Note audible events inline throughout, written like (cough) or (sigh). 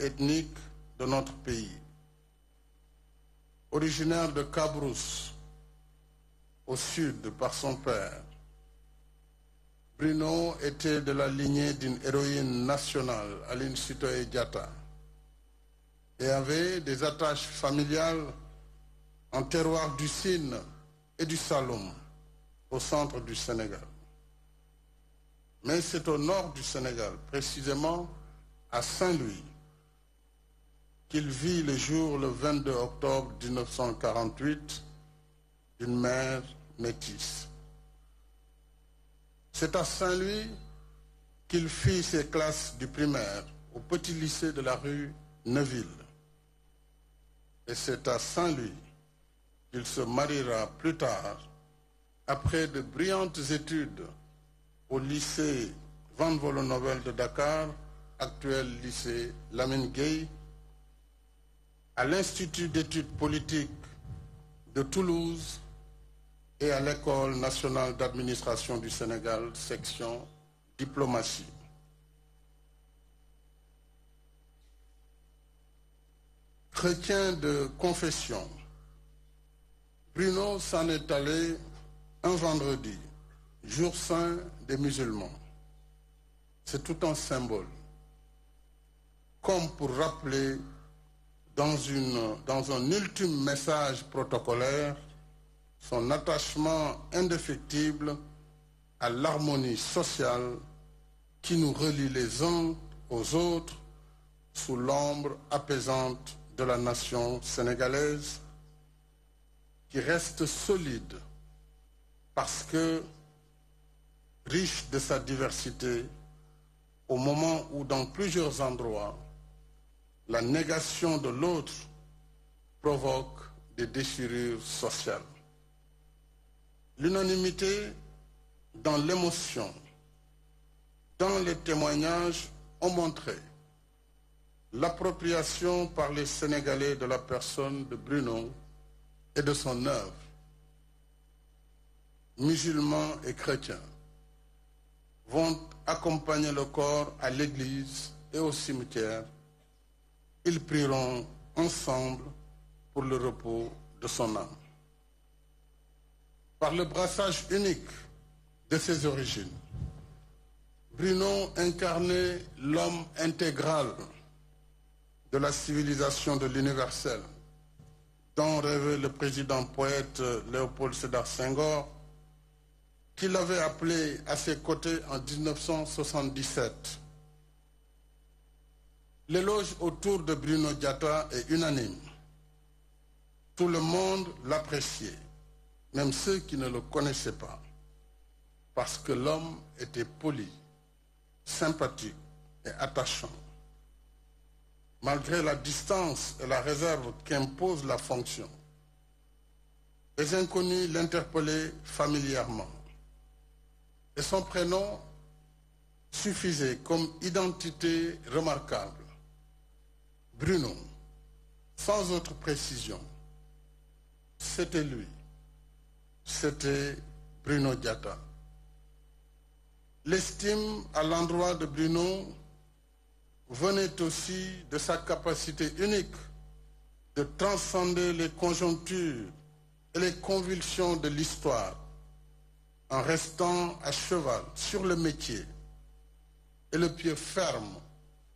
ethnique de notre pays. Originaire de Cabrousse, au sud par son père, Bruno était de la lignée d'une héroïne nationale, Aline Sitoe Diata, et avait des attaches familiales en terroir du Sine et du Saloum, au centre du Sénégal. Mais c'est au nord du Sénégal, précisément à Saint-Louis, qu'il vit le jour le 22 octobre 1948 d'une mère métisse. C'est à Saint-Louis qu'il fit ses classes du primaire au petit lycée de la rue Neuville. Et c'est à Saint-Louis qu'il se mariera plus tard, après de brillantes études au lycée Van Volo Novel de Dakar, actuel lycée Lamine à l'Institut d'études politiques de Toulouse et à l'École nationale d'administration du Sénégal, section diplomatie. Chrétien de confession, Bruno s'en est allé un vendredi, jour saint des musulmans. C'est tout un symbole, comme pour rappeler dans, un ultime message protocolaire son attachement indéfectible à l'harmonie sociale qui nous relie les uns aux autres sous l'ombre apaisante de la nation sénégalaise qui reste solide parce que riche de sa diversité au moment où dans plusieurs endroits la négation de l'autre provoque des déchirures sociales. L'unanimité dans l'émotion, dans les témoignages, ont montré l'appropriation par les Sénégalais de la personne de Bruno et de son œuvre, musulmans et chrétiens, vont accompagner le corps à l'église et au cimetière ils prieront ensemble pour le repos de son âme. Par le brassage unique de ses origines, Bruno incarnait l'homme intégral de la civilisation de l'universel, dont rêvait le président poète Léopold Sédar Senghor, qu'il avait appelé à ses côtés en 1977 L'éloge autour de Bruno Diatta est unanime. Tout le monde l'appréciait, même ceux qui ne le connaissaient pas, parce que l'homme était poli, sympathique et attachant. Malgré la distance et la réserve qu'impose la fonction, les inconnus l'interpellaient familièrement. Et son prénom suffisait comme identité remarquable Bruno, sans autre précision, c'était lui, c'était Bruno Diatta. L'estime à l'endroit de Bruno venait aussi de sa capacité unique de transcender les conjonctures et les convulsions de l'histoire en restant à cheval sur le métier et le pied ferme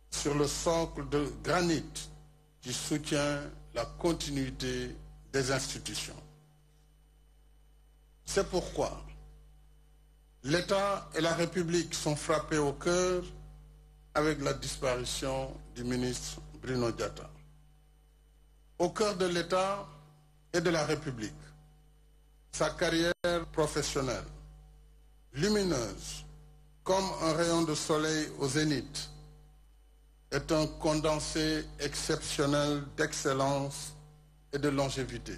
sur le socle de granit qui soutient la continuité des institutions. C'est pourquoi l'État et la République sont frappés au cœur avec la disparition du ministre Bruno Diatta. Au cœur de l'État et de la République, sa carrière professionnelle, lumineuse comme un rayon de soleil au zénith, est un condensé exceptionnel d'excellence et de longévité.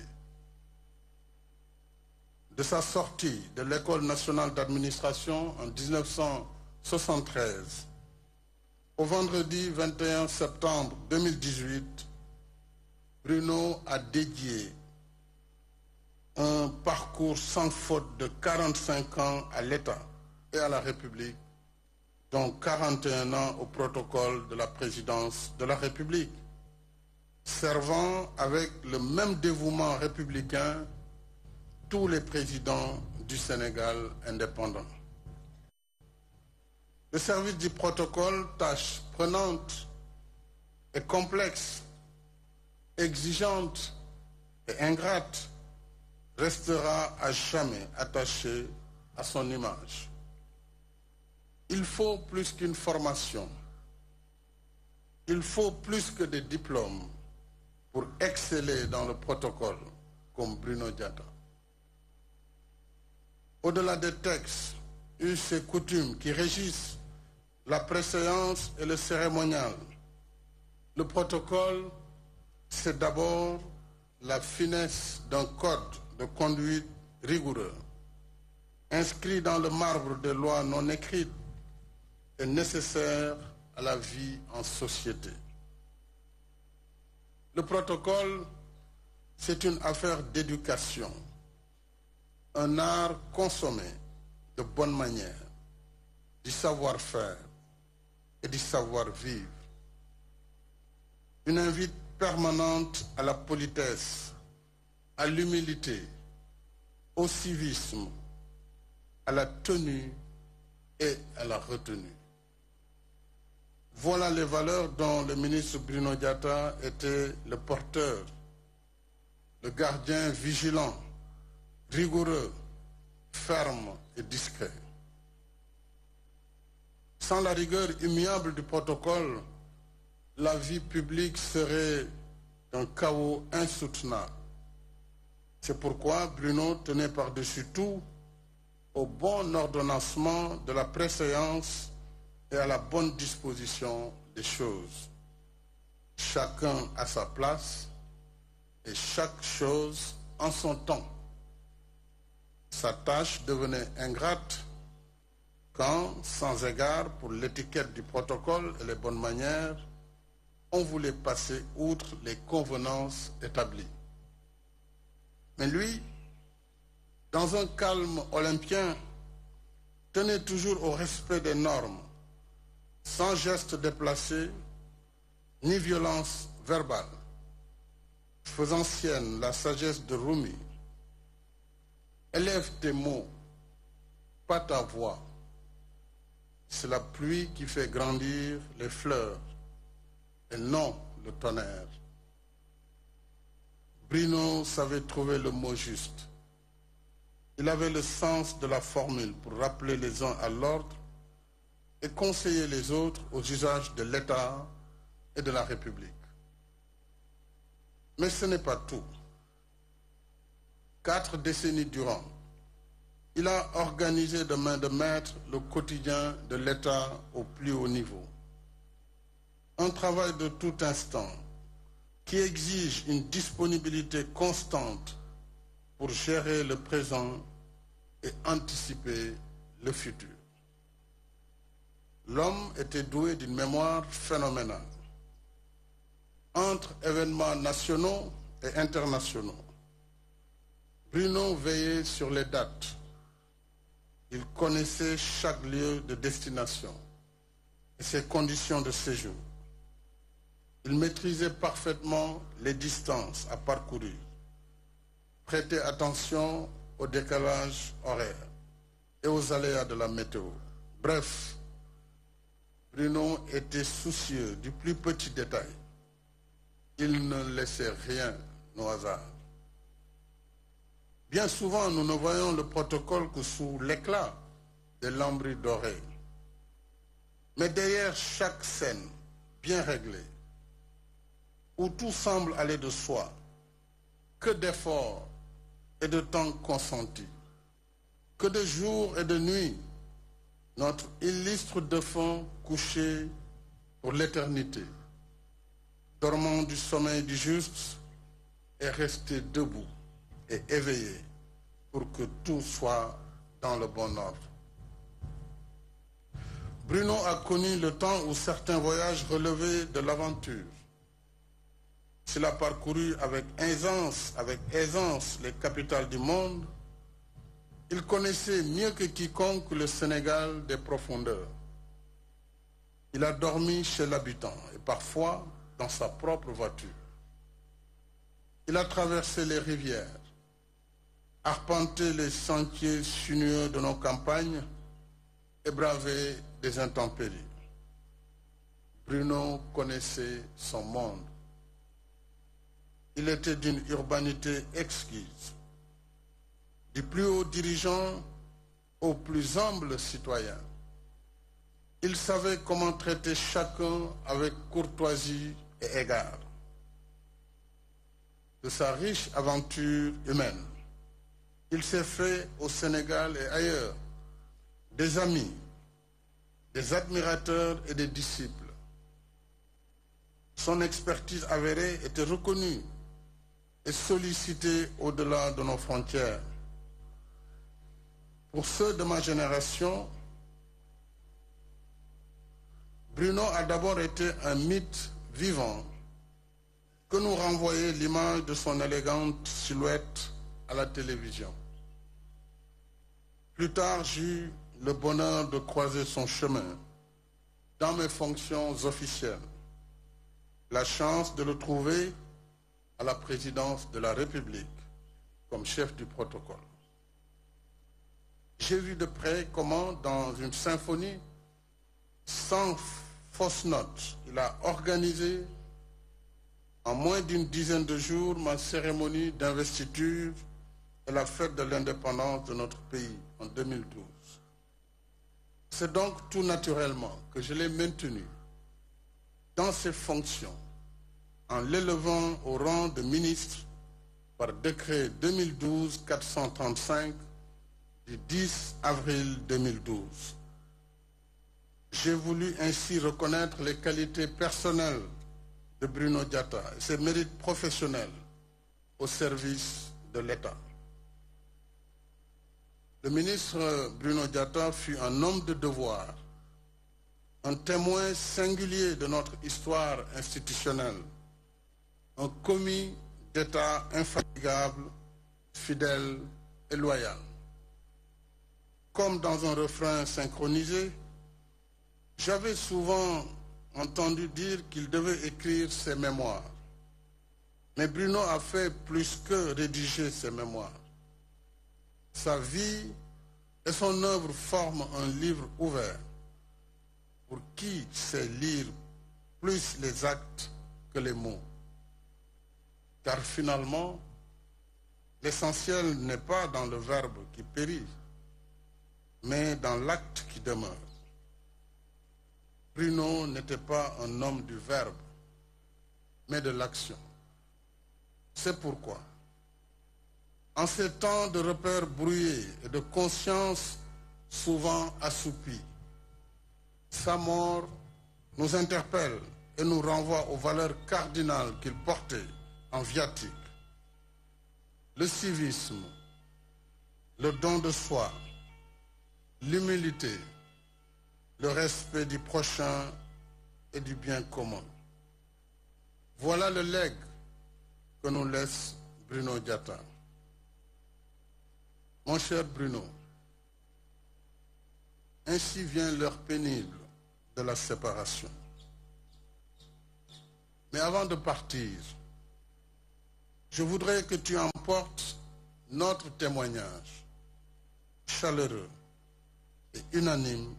De sa sortie de l'École nationale d'administration en 1973 au vendredi 21 septembre 2018, Bruno a dédié un parcours sans faute de 45 ans à l'État et à la République dont 41 ans au protocole de la présidence de la République, servant avec le même dévouement républicain tous les présidents du Sénégal indépendant. Le service du protocole, tâche prenante et complexe, exigeante et ingrate, restera à jamais attaché à son image. Il faut plus qu'une formation. Il faut plus que des diplômes pour exceller dans le protocole comme Bruno Diatta. Au-delà des textes, a et coutumes qui régissent la préséance et le cérémonial, le protocole, c'est d'abord la finesse d'un code de conduite rigoureux, inscrit dans le marbre des lois non écrites est nécessaire à la vie en société. Le protocole, c'est une affaire d'éducation, un art consommé de bonne manière, du savoir-faire et du savoir-vivre. Une invite permanente à la politesse, à l'humilité, au civisme, à la tenue et à la retenue. Voilà les valeurs dont le ministre Bruno Diatta était le porteur, le gardien vigilant, rigoureux, ferme et discret. Sans la rigueur immuable du protocole, la vie publique serait un chaos insoutenable. C'est pourquoi Bruno tenait par-dessus tout au bon ordonnancement de la préséance et à la bonne disposition des choses. Chacun à sa place et chaque chose en son temps. Sa tâche devenait ingrate quand, sans égard pour l'étiquette du protocole et les bonnes manières, on voulait passer outre les convenances établies. Mais lui, dans un calme olympien, tenait toujours au respect des normes sans geste déplacé, ni violence verbale, faisant sienne la sagesse de Rumi. Élève tes mots, pas ta voix. C'est la pluie qui fait grandir les fleurs et non le tonnerre. Bruno savait trouver le mot juste. Il avait le sens de la formule pour rappeler les uns à l'ordre et conseiller les autres aux usages de l'État et de la République. Mais ce n'est pas tout. Quatre décennies durant, il a organisé de main de maître le quotidien de l'État au plus haut niveau. Un travail de tout instant qui exige une disponibilité constante pour gérer le présent et anticiper le futur. L'homme était doué d'une mémoire phénoménale. Entre événements nationaux et internationaux, Bruno veillait sur les dates. Il connaissait chaque lieu de destination et ses conditions de séjour. Il maîtrisait parfaitement les distances à parcourir. Prêtait attention au décalage horaire et aux aléas de la météo. Bref, nom était soucieux du plus petit détail. Il ne laissait rien au hasard. Bien souvent, nous ne voyons le protocole que sous l'éclat de lambris doré. Mais derrière chaque scène bien réglée, où tout semble aller de soi, que d'efforts et de temps consentis, que de jours et de nuits notre illustre défunt couché pour l'éternité, dormant du sommeil du juste, est resté debout et éveillé pour que tout soit dans le bon ordre. Bruno a connu le temps où certains voyages relevaient de l'aventure. S'il a parcouru avec aisance, avec aisance les capitales du monde, il connaissait mieux que quiconque le Sénégal des profondeurs. Il a dormi chez l'habitant et parfois dans sa propre voiture. Il a traversé les rivières, arpenté les sentiers sinueux de nos campagnes et bravé des intempéries. Bruno connaissait son monde. Il était d'une urbanité exquise du plus haut dirigeant au plus humble citoyen. Il savait comment traiter chacun avec courtoisie et égard. De sa riche aventure humaine, il s'est fait au Sénégal et ailleurs des amis, des admirateurs et des disciples. Son expertise avérée était reconnue et sollicitée au-delà de nos frontières. Pour ceux de ma génération, Bruno a d'abord été un mythe vivant que nous renvoyait l'image de son élégante silhouette à la télévision. Plus tard, j'ai eu le bonheur de croiser son chemin dans mes fonctions officielles, la chance de le trouver à la présidence de la République comme chef du protocole. J'ai vu de près comment, dans une symphonie, sans fausse note, il a organisé en moins d'une dizaine de jours ma cérémonie d'investiture et la fête de l'indépendance de notre pays en 2012. C'est donc tout naturellement que je l'ai maintenu dans ses fonctions en l'élevant au rang de ministre par décret 2012-435 du 10 avril 2012. J'ai voulu ainsi reconnaître les qualités personnelles de Bruno Diatta et ses mérites professionnels au service de l'État. Le ministre Bruno Diatta fut un homme de devoir, un témoin singulier de notre histoire institutionnelle, un commis d'État infatigable, fidèle et loyal comme dans un refrain synchronisé, j'avais souvent entendu dire qu'il devait écrire ses mémoires. Mais Bruno a fait plus que rédiger ses mémoires. Sa vie et son œuvre forment un livre ouvert pour qui sait lire plus les actes que les mots. Car finalement, l'essentiel n'est pas dans le verbe qui périt, mais dans l'acte qui demeure, Bruno n'était pas un homme du verbe, mais de l'action. C'est pourquoi, en ces temps de repères brouillés et de conscience souvent assoupie, sa mort nous interpelle et nous renvoie aux valeurs cardinales qu'il portait en viatique. Le civisme, le don de soi, l'humilité, le respect du prochain et du bien commun. Voilà le legs que nous laisse Bruno Diatta. Mon cher Bruno, ainsi vient l'heure pénible de la séparation. Mais avant de partir, je voudrais que tu emportes notre témoignage chaleureux unanime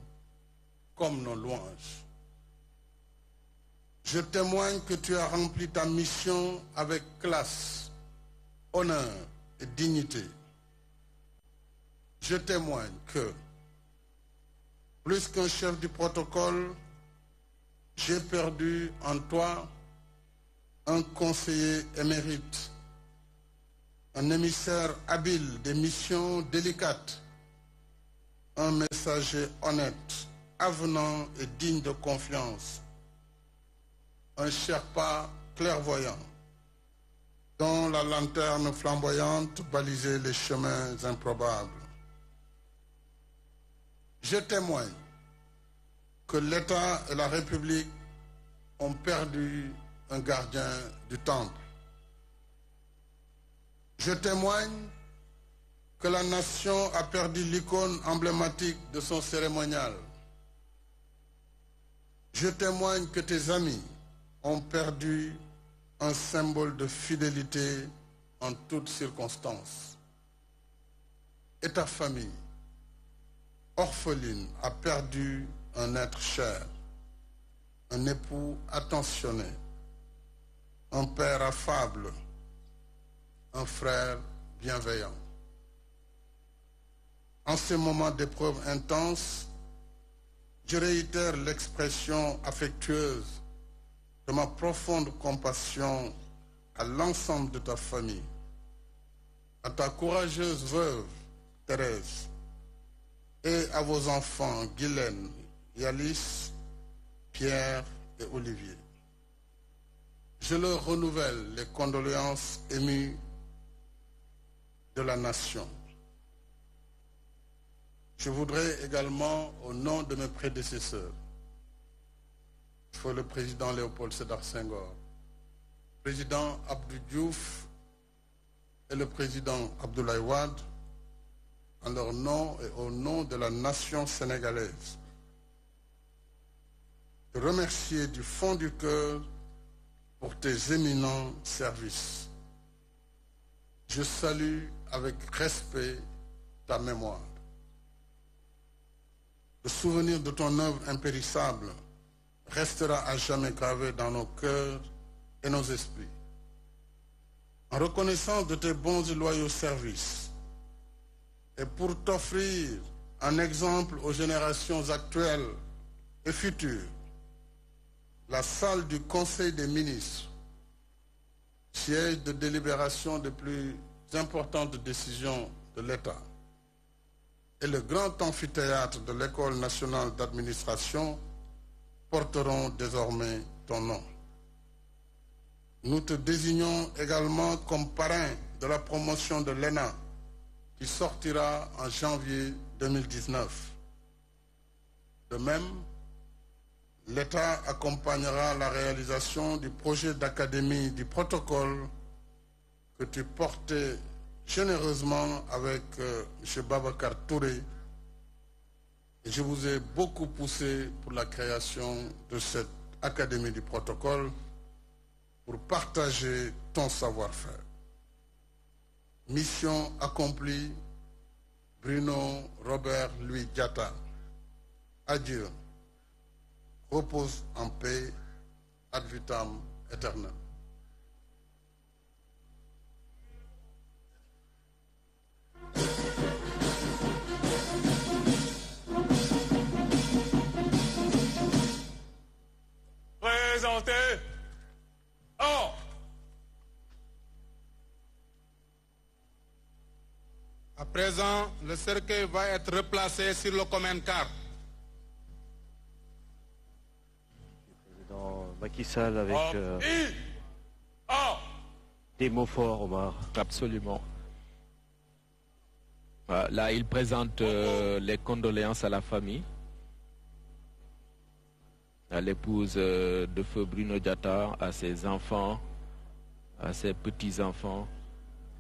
comme nos louanges. Je témoigne que tu as rempli ta mission avec classe, honneur et dignité. Je témoigne que, plus qu'un chef du protocole, j'ai perdu en toi un conseiller émérite, un émissaire habile des missions délicates un messager honnête, avenant et digne de confiance, un Sherpa clairvoyant, dont la lanterne flamboyante balisait les chemins improbables. Je témoigne que l'État et la République ont perdu un gardien du temple. Je témoigne que la nation a perdu l'icône emblématique de son cérémonial. Je témoigne que tes amis ont perdu un symbole de fidélité en toutes circonstances. Et ta famille, orpheline, a perdu un être cher, un époux attentionné, un père affable, un frère bienveillant. En ce moment d'épreuve intense, je réitère l'expression affectueuse de ma profonde compassion à l'ensemble de ta famille, à ta courageuse veuve, Thérèse, et à vos enfants, Guylaine, Yalis, Pierre et Olivier. Je leur renouvelle les condoléances émues de la nation. Je voudrais également, au nom de mes prédécesseurs, le président Léopold Sédar Senghor, le président Abdou Diouf et le président Abdoulaye Wade, en leur nom et au nom de la nation sénégalaise, te remercier du fond du cœur pour tes éminents services. Je salue avec respect ta mémoire. Le souvenir de ton œuvre impérissable restera à jamais gravé dans nos cœurs et nos esprits. En reconnaissance de tes bons et loyaux services, et pour t'offrir un exemple aux générations actuelles et futures, la salle du Conseil des ministres, siège de délibération des plus importantes décisions de l'État, et le grand amphithéâtre de l'École nationale d'administration porteront désormais ton nom. Nous te désignons également comme parrain de la promotion de l'ENA qui sortira en janvier 2019. De même, l'État accompagnera la réalisation du projet d'académie du protocole que tu portais généreusement avec euh, M. Babacar Touré. je vous ai beaucoup poussé pour la création de cette Académie du protocole pour partager ton savoir-faire. Mission accomplie, Bruno Robert Louis Diatta. Adieu. Repose en paix, ad vitam éternel Présentez Oh. À présent, le cercueil va être replacé sur le common car. Président Macky Sall avec oh. Euh, oh des mots forts, Omar. Absolument. Là, il présente euh, les condoléances à la famille, à l'épouse euh, de feu Bruno Diatta, à ses enfants, à ses petits-enfants,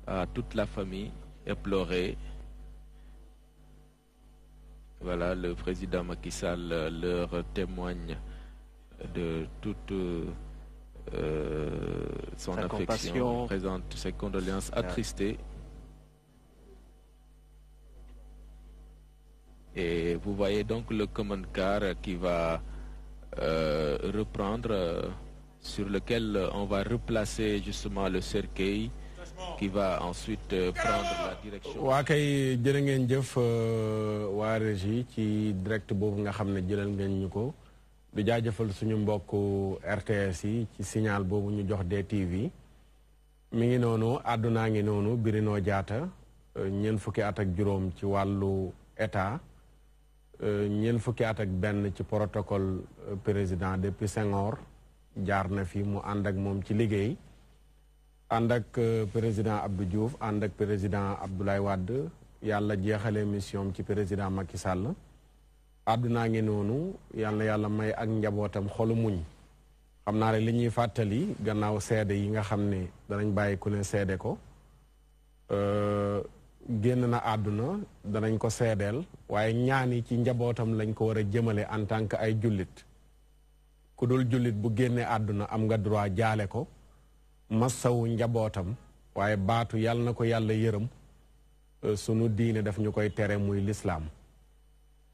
à toute la famille éplorée. Voilà, le président Macky Sall euh, leur témoigne de toute son affection, présente ses condoléances attristées. Et vous voyez donc le command car qui va euh, reprendre, sur lequel on va replacer justement le cercueil qui va ensuite euh, prendre la direction. waa kay jërë ngeen jeuf wa régie ci direct bobu nga xamné ne ngeen ñuko ko du jaajëfal suñu mbokk RTS yi ci signal bobu ñu jox DTV mi ngi nono aduna ngi noonu Birino jaata euh, ñeent fukki at ak ci walu état. ñeent fukki at ak benn ci protocole euh, président depuis Senghor jaar na fi mu ànd ak moom ci liggéey ànd ak euh, président Abdou Diouf ànd ak président Abdoulaye Wade yàlla jeexale mission ci président Macky Sall àddunaa ngi noonu yal yàlla may ak njabootam xolu muñ xam naa ne li ñuy fàttali gannaaw seede yi nga xam ne danañ bàyyi ku ne seede ko euh, génn na àdduna danañ ko seedeel waaye ñaan yi ci njabootam lañ ko war a jëmale en tant que ay jullit ku dul jullit bu génnee àdduna am nga droit jaale ko massawu njabootam waaye baatu yàlla na ko yàlla yërëm euh, sunu diine daf ñu koy tere muy lislaam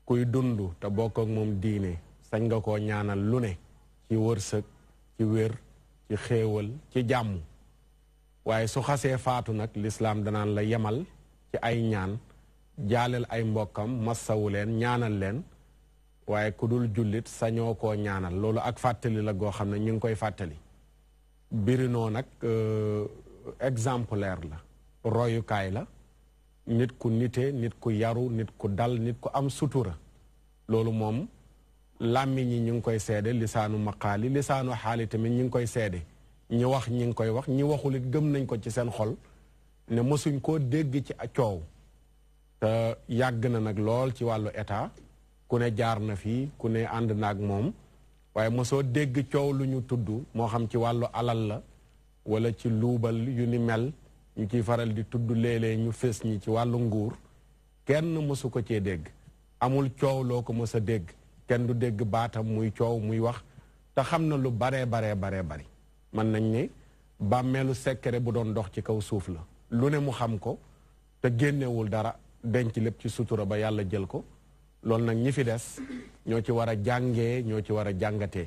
kuy dund te bokk ak moom diine sañ nga koo ñaanal lu ne ci wërsëg ci wér ci xéewal ci jàmm waaye su xasee faatu nag lislaam danaan la yemal ci ay ñaan jaaleel ay mbokkam massawu leen ñaanal leen waaye ku dul jullit sañoo ko ñaanal loolu ak fàttali la goo xam ne ñu ngi koy fàttali birinoo nag euh, exemplaire la royukaay la nit ku nite nit ku yaru nit ku dal nit ku am sutura loolu moom làmmiñ ñi ñu ngi koy seede lisaanu maqaali lisaanu xaali tamit ñu ngi koy seede ñi wax ñi ngi koy wax ñi waxulit gëm nañ ko ci seen xol ne mësuñ koo dégg ci coow te yàgg na nag lool ci wàllu état ku ne jaar na fii ku ne ànd na ak moom waaye mosoo dégg coow lu ñu tudd moo xam ci wàllu alal la wala ci luubal yu ni mel ñu ciy faral di tudd léeg ñu fës ñi ci wàllu nguur kenn mësu ko cee dégg amul coow loo ko mos a dégg kenn du dégg baatam muy coow muy wax te xam na lu baree baree baree bari mën nañ ni bàmmeelu sekkere bu doon dox ci kaw suuf la lu ne mu xam ko te génnewul dara denc lépp ci sutura ba yàlla jël ko loolu nag ñi fi des ñoo ci war a jàngee ñoo ci war a jàngatee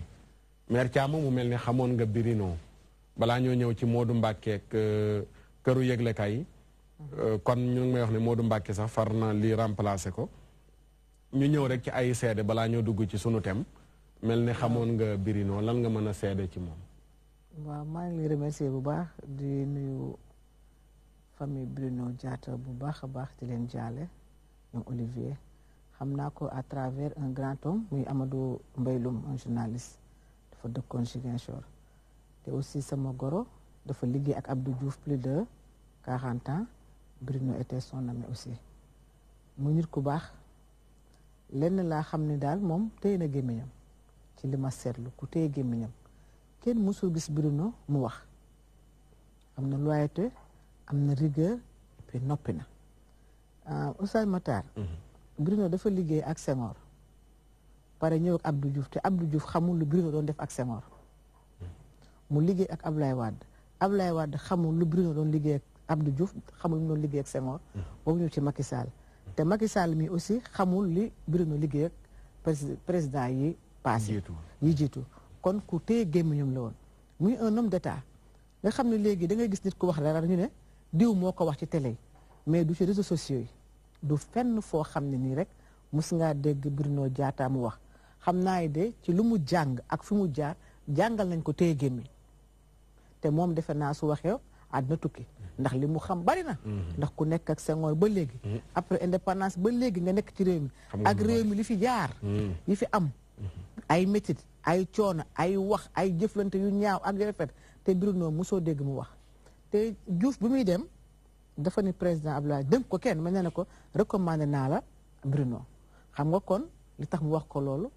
meer Thiam mu mel ni xamoon nga birinoo balaa ñoo ñëw ci Modou Mbacke euh, këru yëglekaay euh, kon ñu ngi may wax ne Modou Mbacke sax far na lii remplacé ko ñu ñëw rek ci ay seede balaa ñoo dugg ci sunu tem mel ne xamoon nga birinoo lan nga mën a seede ci moom. bu baax di nuyu. famille Bruno Diatta bu baax a baax di leen jaale ñoom Olivier xam naa ko à travers un grand homme muy Amadou Mbayloum un journaliste dafa dëkkoon Ziguinchor te aussi sama goro dafa liggéey ak Abdou Diouf plus de quarante ans Bruno était son ami aussi mu nit ku baax lenn laa xam ne daal moom téye na gémmiñam ci li ma seetlu ku téye gémmiñam kenn mësul gis Bruno mu wax am na loyauté am na rigueur puis noppi na euh, Oustaz Matar mhm. Bruno dafa liggéey ak Senghor pare ñëw ak Abdou Diouf te Abdou Diouf xamul lu Bruno doon def ak Senghor mhm. mu liggéey ak Ablaye Wade Ablaye Wade xamul lu Bruno doon liggéey ak Abdou Diouf xamul lu mu doon liggéey ak Senghor mhm. boobu ñëw ci Macky Sall te Macky Sall mi aussi xamul li Bruno liggéey ak président yi passé yi jiitu kon ku téye gémmiñam la woon muy un homme nga xam ne léegi da ngay gis nit ku wax dara ñu diw moo ko wax ci télé mais du ci réseaux sociaux yi du fenn foo xam ne nii rek mos ngaa dégg Bruno Diatta mu wax xam naa de ci lu mu jàng ak fu mu jaar jàngal nañ ko téye gémmi te moom defe naa su waxee na tukki ndax li mu xam bari na mhm. ndax ku nekk ak Senghor ba léegi mhm. après indépendance ba léegi nga nekk ci réew mi ak réew mi li fi jaar yi mhm. fi am ay métit ay coono ay wax ay jëflante yu ñaaw ak yu rafet te Bruno mosoo dégg mu wax te Diouf bu muy dem dafa ne président Abdoulaye dénk ko kenn ma ne ne ko recommandé naa la Bruno xam nga kon lu tax mu wax ko loolu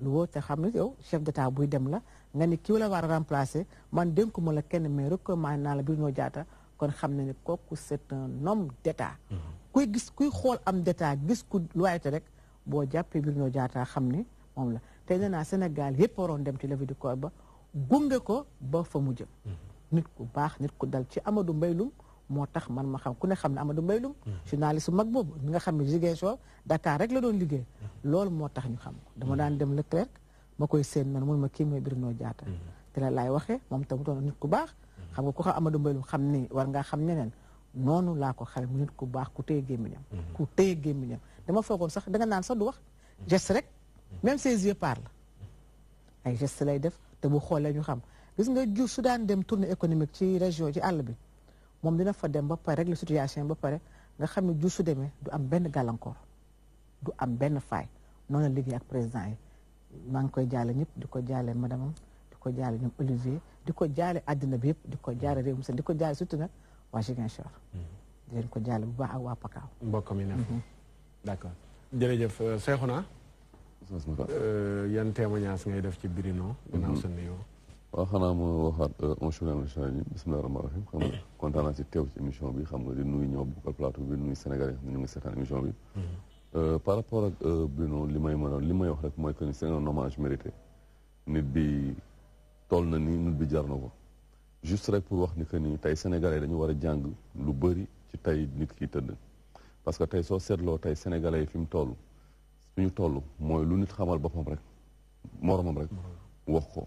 lu woo te xam ne yow chef d'état buy dem la nga ni kii la war a remplacer man dénku ma la kenn mais recommandé naa la Bruno jaata kon xam na ne kooku set noom homme mm-hmm. kuy gis kuy xool am d'état gis ku loyauté rek boo jàppee Bruno Diatta xam ni moom la tey nee naa Sénégal yëpp waroon dem ci levée du corps ba gunge ko ba fa mu jëm mm-hmm. nit ku baax nit ku dal ci Amadou Mbaylum moo tax man ma xam ku ne xam ne Amadou Mbaylum hmm. su mag boobu ñi nga xam ne Ziguinchor Dakar rek la doon liggéey hmm. loolu moo tax ñu xam ko dama hmm. daan dem Leclerc ma koy seen man mun ma kii mooy Bruno Diatta te la waxee moom tam doon nit ku baax xam nga ku xam Amadou Mbaylum xam ni war ngaa xam ñeneen noonu laa ko xamee mu nit ku baax ku téye gémmiñam ku téye gémmiñam dama foogoon sax danga naan sax du wax geste rek même ses yeux la ay geste lay def te bu xoolee ñu xam gis nga Diouf su daan dem tournée économique ci région ci àll bi moom dina fa dem ba pare rek la situation ba pare nga xam ne Diouf su demee du am benn gàllankoor du am benn faay noonu la liggéey ak président yi maa ngi koy jaale ñëpp di ko jaale madame di ko jaale ñoom Olivier di ko jaale àddina bi yëpp di ko jaale réew mi di ko jaale surtout nag waa Ziguinchor mm-hmm. di ko jaale bu baax ak waa Pakao mbokk mi ne mm-hmm. d'accord jërëjëf Cheikhouna euh, euh, yan témoignage ngay def ci Birino gannaaw sa nuyoo waaw xanaa ma waxaat monsieur le maire Chara bisimilah xam nga émission bi xam nga di nuyu ñëw bokkal plateau bi nuyu Sénégal yi nga seetaan émission bi. Mm-hmm. Euh, par rapport ak euh, Bruno li may mën li may wax rek mooy que ni c'est nomage hommage mérité nit bi toll na ni nit bi jar na ko. just rek pour wax ni que ni tey sénégalais dañu war a jàng lu bëri ci tey nit ki tëdd parce que tey soo seetloo tey sénégalais yi fi mu toll fi ñu toll mooy lu nit xamal boppam rek moromam rek mm-hmm. wax ko.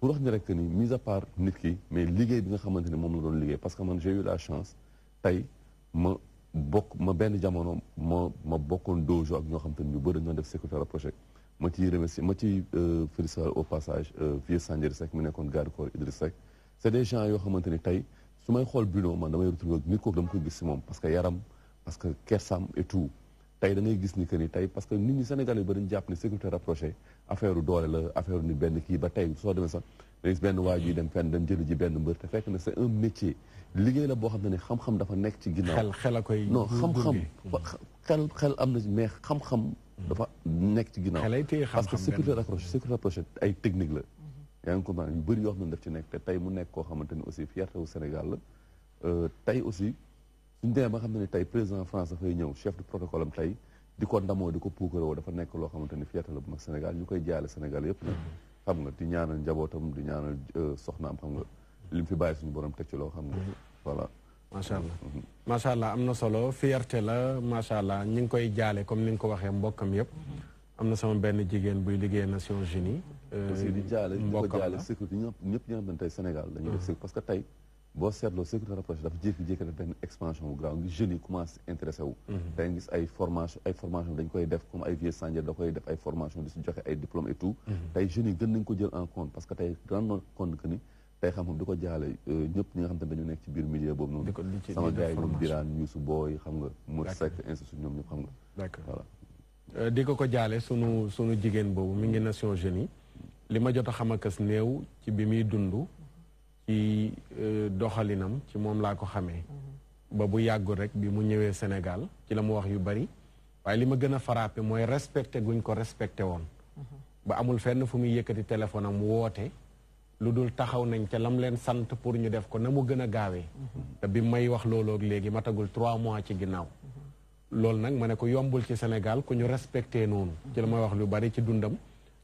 pour wax ni rek ni mise à part nit ki mais liggéey bi nga xamante ne moom la doon liggéey parce que man j'ai eu la chance tey ma bokk ma benn jamono ma ma bokkoon dojo ak ñoo xamante ni ñu bëri ñoo def secrétaire projet ma ciy remercier ma ciy euh, félicité au passage euh, Vieux Sandiari Seck mi nekkoon garde corps Idriss Seck c' est des yoo xamante ni tey su may xool bureau man damay retrouver nit kooku dama ko gis si moom parce que yaram parce que kersam et tout tey da ngay gis ni que ni tey parce que nit ñi Sénégal yi ba dañu jàpp ne sécurité rapprochée affaire doole la affaire ni benn kii ba tey soo demee sax da gis benn waay juy dem fenn dem jëli ji benn mbër te fekk na c'est un métier liggéey la boo xam ne xam-xam dafa nekk ci ginnaaw. xel xel a mm-hmm. xel am na mais xam-xam. Mm-hmm. dafa nekk ci ginnaaw. parce que sécurité rapprochée sécurité rapprochée ay technique la. Mm-hmm. yaa ngi comprendre yu bëri yoo xam ne daf ci nekk te tey mu nekk koo xamante ni aussi fierté wu Sénégal la euh, tey aussi. suñu demee ba xam ne ni tey président France dafay ñëw chef de protocole am tey di ko ndamoo di ko puukaroo dafa nekk loo xamante ni fierté la bu mag Sénégal ñu koy jaale Sénégal yëpp nag xam nga di ñaanal njabootam di ñaanal euh, soxnaam xam nga li fi bàyyi suñu borom teg ci loo xam nga voilà macha allah mm-hmm. macha allah am na solo fierté la macha allah ñi ngi koy jaale comme ni nga ko waxee mbokkam yëpp am na sama benn jigéen buy liggéey Nations Unies euh, aussi di jaale di ñëpp ñi nga Sénégal dañuy mm-hmm. parce que tey boo seetloo sécurité rapprochée dafa jékki-jékki def benn ngi jeunes yi commencé intéressé wu da mhm. ngay gis ay koy def comme ay vieux sandier da koy def ay formation di si joxe ay diplôme et tout mhm. tey jeunes yi gën nañ ko jël en compte parce que tey rendre compte que ni tey xam ko jaale euh, ñëpp ñi nga xam nekk ci biir milieu boobu noonu sama gars yi ñoom Birane Youssou Boy xam nga mo sec institut ñoom ñëpp xam nga d'accord euh, di ko ko jaale sunu sunu jigéen boobu mi ngi nation jeunes yi li ma jot a xam akas néew ci bi muy dund ci euh, doxalinam ci moom laa ko xamee mm-hmm. ba bu yàggul rek bi mu ñëwee Sénégal ci la mu wax yu bari waaye li ma gën a frappé mooy respecté guñ ko respecté woon mm-hmm. ba amul fenn fu muy yëkkati téléphone am woote lu dul taxaw nañ ca lam leen sant pour ñu def ko na mu gën a gaawee mm-hmm. te bi may wax looloog léegi matagul trois mois ci ginnaaw loolu nag ma ne ko yombul ci Sénégal ku ñu respecté noonu ci la may wax lu bari ci dundam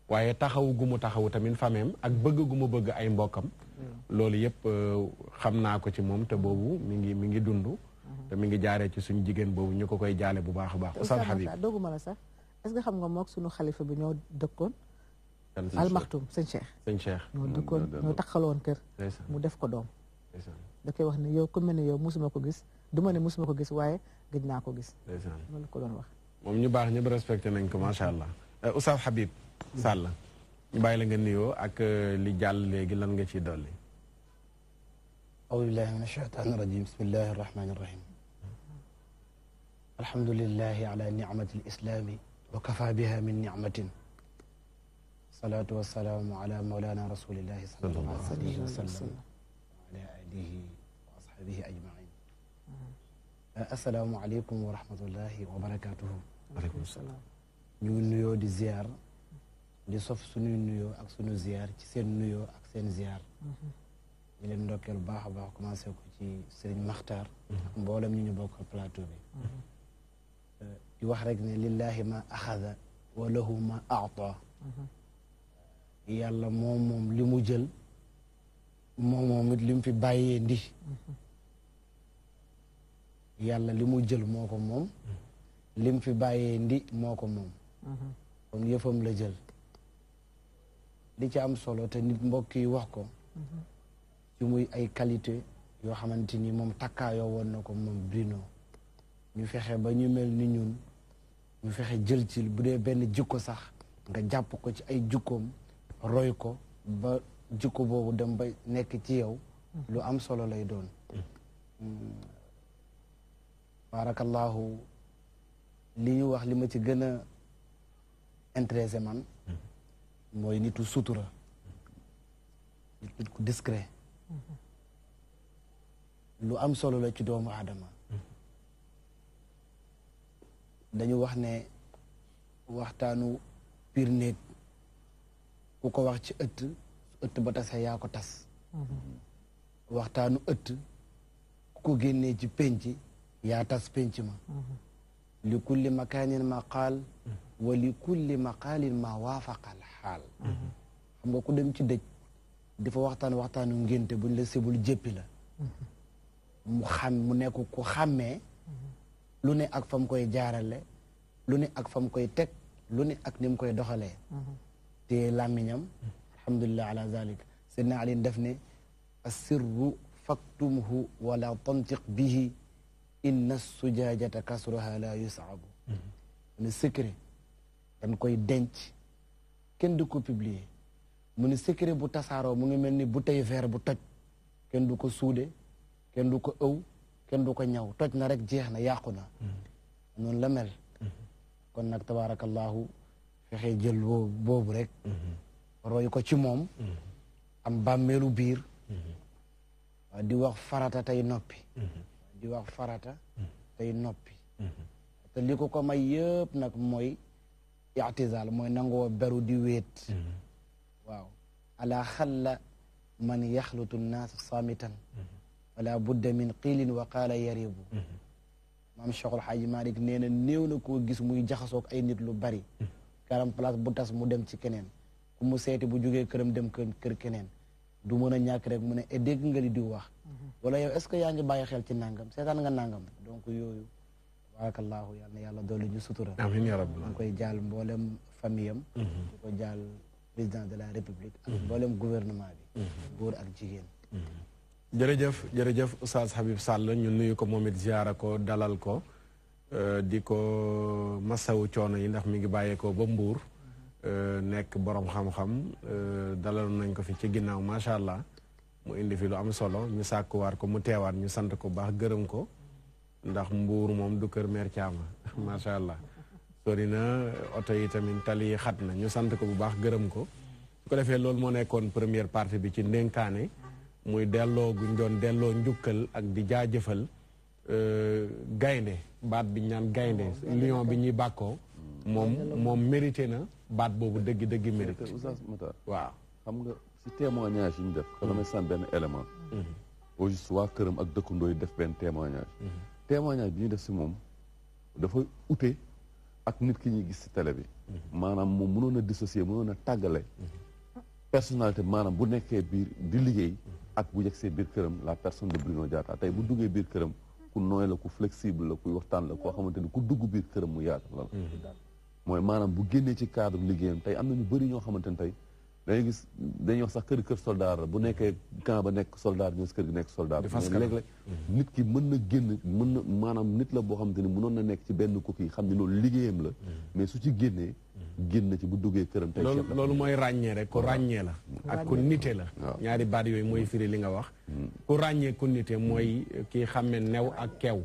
waaye taxaw gu mu taxaw tamit fameem ak bëgg bëgg ay mbokkam loolu yëpp euh, xam naa ko ci moom te boobu mi ngi mi ngi dund mhm. te mi ngi jaaree ci suñu jigéen boobu ñu ko koy jaale bu baax a baax Oustaz Habib dooguma la sax est ce que xam nga mook suñu xalifa bi ñoo dëkkoon almaxtum sëñ Cheikh sëñ Cheikh ñoo mm, dëkkoon ñoo taxaloon kër mu def ko doom da koy wax ne yow ku mel yow mosuma ko gis du ne mosuma ko gis waaye gëj naa ko gis loolu ko doon wax moom ñu baax ñëpp respecté nañ ko macha allah euh, Oustaz Habib Sall ñu bàyyi la nga nuyoo ak euh, li jaal léegi lan nga ciy dolli أعوذ بالله من الشيطان الرجيم بسم الله الرحمن الرحيم الحمد لله على نعمة الإسلام وكفى بها من نعمة الصلاة والسلام على مولانا رسول الله صلى الله عليه وسلم وعلى آله وأصحابه أجمعين السلام عليكم ورحمة الله وبركاته وعليكم السلام نيو نيو دي زيار دي صف سنو نيو أكسنو زيار ziar ci seen nuyoo ñu leen ndokkeel bu baax a baax commencé ko ci sëriñ Maxtaar ak mboolem ñu ñu bokkal plateau bi di wax rek ne lillahi ma axada wa lahu ma aata yàlla moom moom li mu jël moom moom it li mu fi bàyyee ndi yàlla li mu jël moo ko moom li mu fi bàyyee ndi moo ko moom kon yëfam la jël li ci am solo te nit mbokk yi wax ko ci muy ay qualité yoo xamante ni moom takkaayoo woon na ko moom Bruno ñu fexe ba ñu mel ni ñun ñu fexe jël ci bu dee benn jikko sax nga jàpp ko ci ay jikkoom roy ko ba jikko boobu dem ba nekk ci yow lu am solo lay doon barakallahu li ñu wax li ma ci gën a intéressé man mooy nitu sutura nit ku discret lu am solo la ci doomu adama dañu wax ne waxtaanu biir ku ko wax ci ëtt ba tase yaa tas waxtaanu ëtt ku ko génnee ci pénc yaa tas pénc ma li kulli makaanin maqaal wa li kulli ma waafaqa al xaal xam nga ku dem ci dëj di fa waxtaan waxtaanu ngénte buñ la sébul jéppi la mu xam mu nekk ku xàmmee lu ne ak fam koy jaarale lu ne ak fam koy teg lu ne ak ni mu koy doxalee te làmmiñam alhamdulilah ala zalik sidna ali def ne assirru faktumhu wala tantiq bihi inna sujaajata kasruha la yusaabu ne secret dañ koy denc kenn du ko publier mu ni secret bu tasaaroo mu ngi mel ni bu bouteille feer bu toj kenn du ko suude kenn du ko ëw kenn du ko ñaw toj na rek jeex na yàqu na mm-hmm. noonu la mel mm-hmm. kon nag tabaarakallaahu fexe jël boobu rek mm-hmm. roy ko ci moom am bàmmeelu biir di wax farata tey noppi di wax farata tey noppi te li ko ko may yëpp nag mooy itizaal mooy nangoo beru di wéet waaw ala xalla man yaxlutu nnaasa saamitan wala budda min qiilin wa qaala yaribu maam Cheikhul Xaaji Malik nee na néew na koo gis muy jaxasoog ay nit lu bari karam place bu tas mu dem ci keneen ku mu seeti bu jógee këram dem kër keneen du mën a ñàkk rek mu ne e dégg nga di wax wala yow est ce que yaa ngi bàyyi xel ci nangam seetaan nga nangam donc yooyu tabaarakallaahu yal na yàlla doole ñu sutura amiin yaa koy jaal mboolem famille am mm-hmm. ko jaal président de la république ak mhm. mboolem gouvernement bi mhm. góor ak jigéen mhm. jërëjëf jërëjëf Oustaz Habib Sall ñu nuyu ko moom it ziyaara ko dalal ko euh, di ko masawu coono yi ndax mi ngi bàyyeekoo ba Mbuur euh, nekk borom xam-xam euh, dalal nañ ko fi ci ginnaaw macha allah mu indi fi lu am solo ñu sàkkuwaat ko mu teewaat ñu sant ko baax gërëm ko ndax Mbuur moom du kër meer Thiam (laughs) macha allah sori na oto yi tamit tali yi xat na ñu sant ko bu baax gërëm ko su ko defee loolu moo nekkoon première partie bi ci ndénkaane muy delloo guñ doon delloo njukkal ak di jaajëfal euh, gaynde baat bi ñaan oh, gaynde lion bi ñuy bàkkoo moom moom mérité na baat boobu dëgg dëgg mérité waaw xam nga si témoignage yi ñu def xam nga benn élément mm-hmm. au juste waa këram ak dëkkandoo yi def benn témoignage mm-hmm. témoignage bi ñu def si moom dafa ute ak nit ki ñuy gis ci télé bi maanaam moom mënoon a dissocier mënoon a tàggale personnalité maanaam bu nekkee biir di liggéey ak bu yegsee biir këram la personne de Bruno Diatta tey bu duggee biir këram ku nooy la ku flexible la kuy waxtaan la koo xamante ni ku dugg biir këram mu yaata la mhm. mooy maanaam bu génnee ci cadre liggéeyam tey am na ñu bëri ñoo xamante ni tey dañuy gis dañuy wax sax kër kër soldat la bu nekkee camp ba nekk soldat bi kër gi nekk soldat bi léeg-léeg mhm. nit ki mën na génn mën na maanaam nit la boo xamante ni mënoon na nekk ci benn kooku xam ne loolu liggéeyam la mhm. mais su ci génnee mhm. génn ci bu duggee këram tey loolu mooy ràññee rek ràññee la ak ku nite la ñaari baat yooyu mooy firi li nga wax mm. ku ràññee ku nite mooy kii xamme new ak kew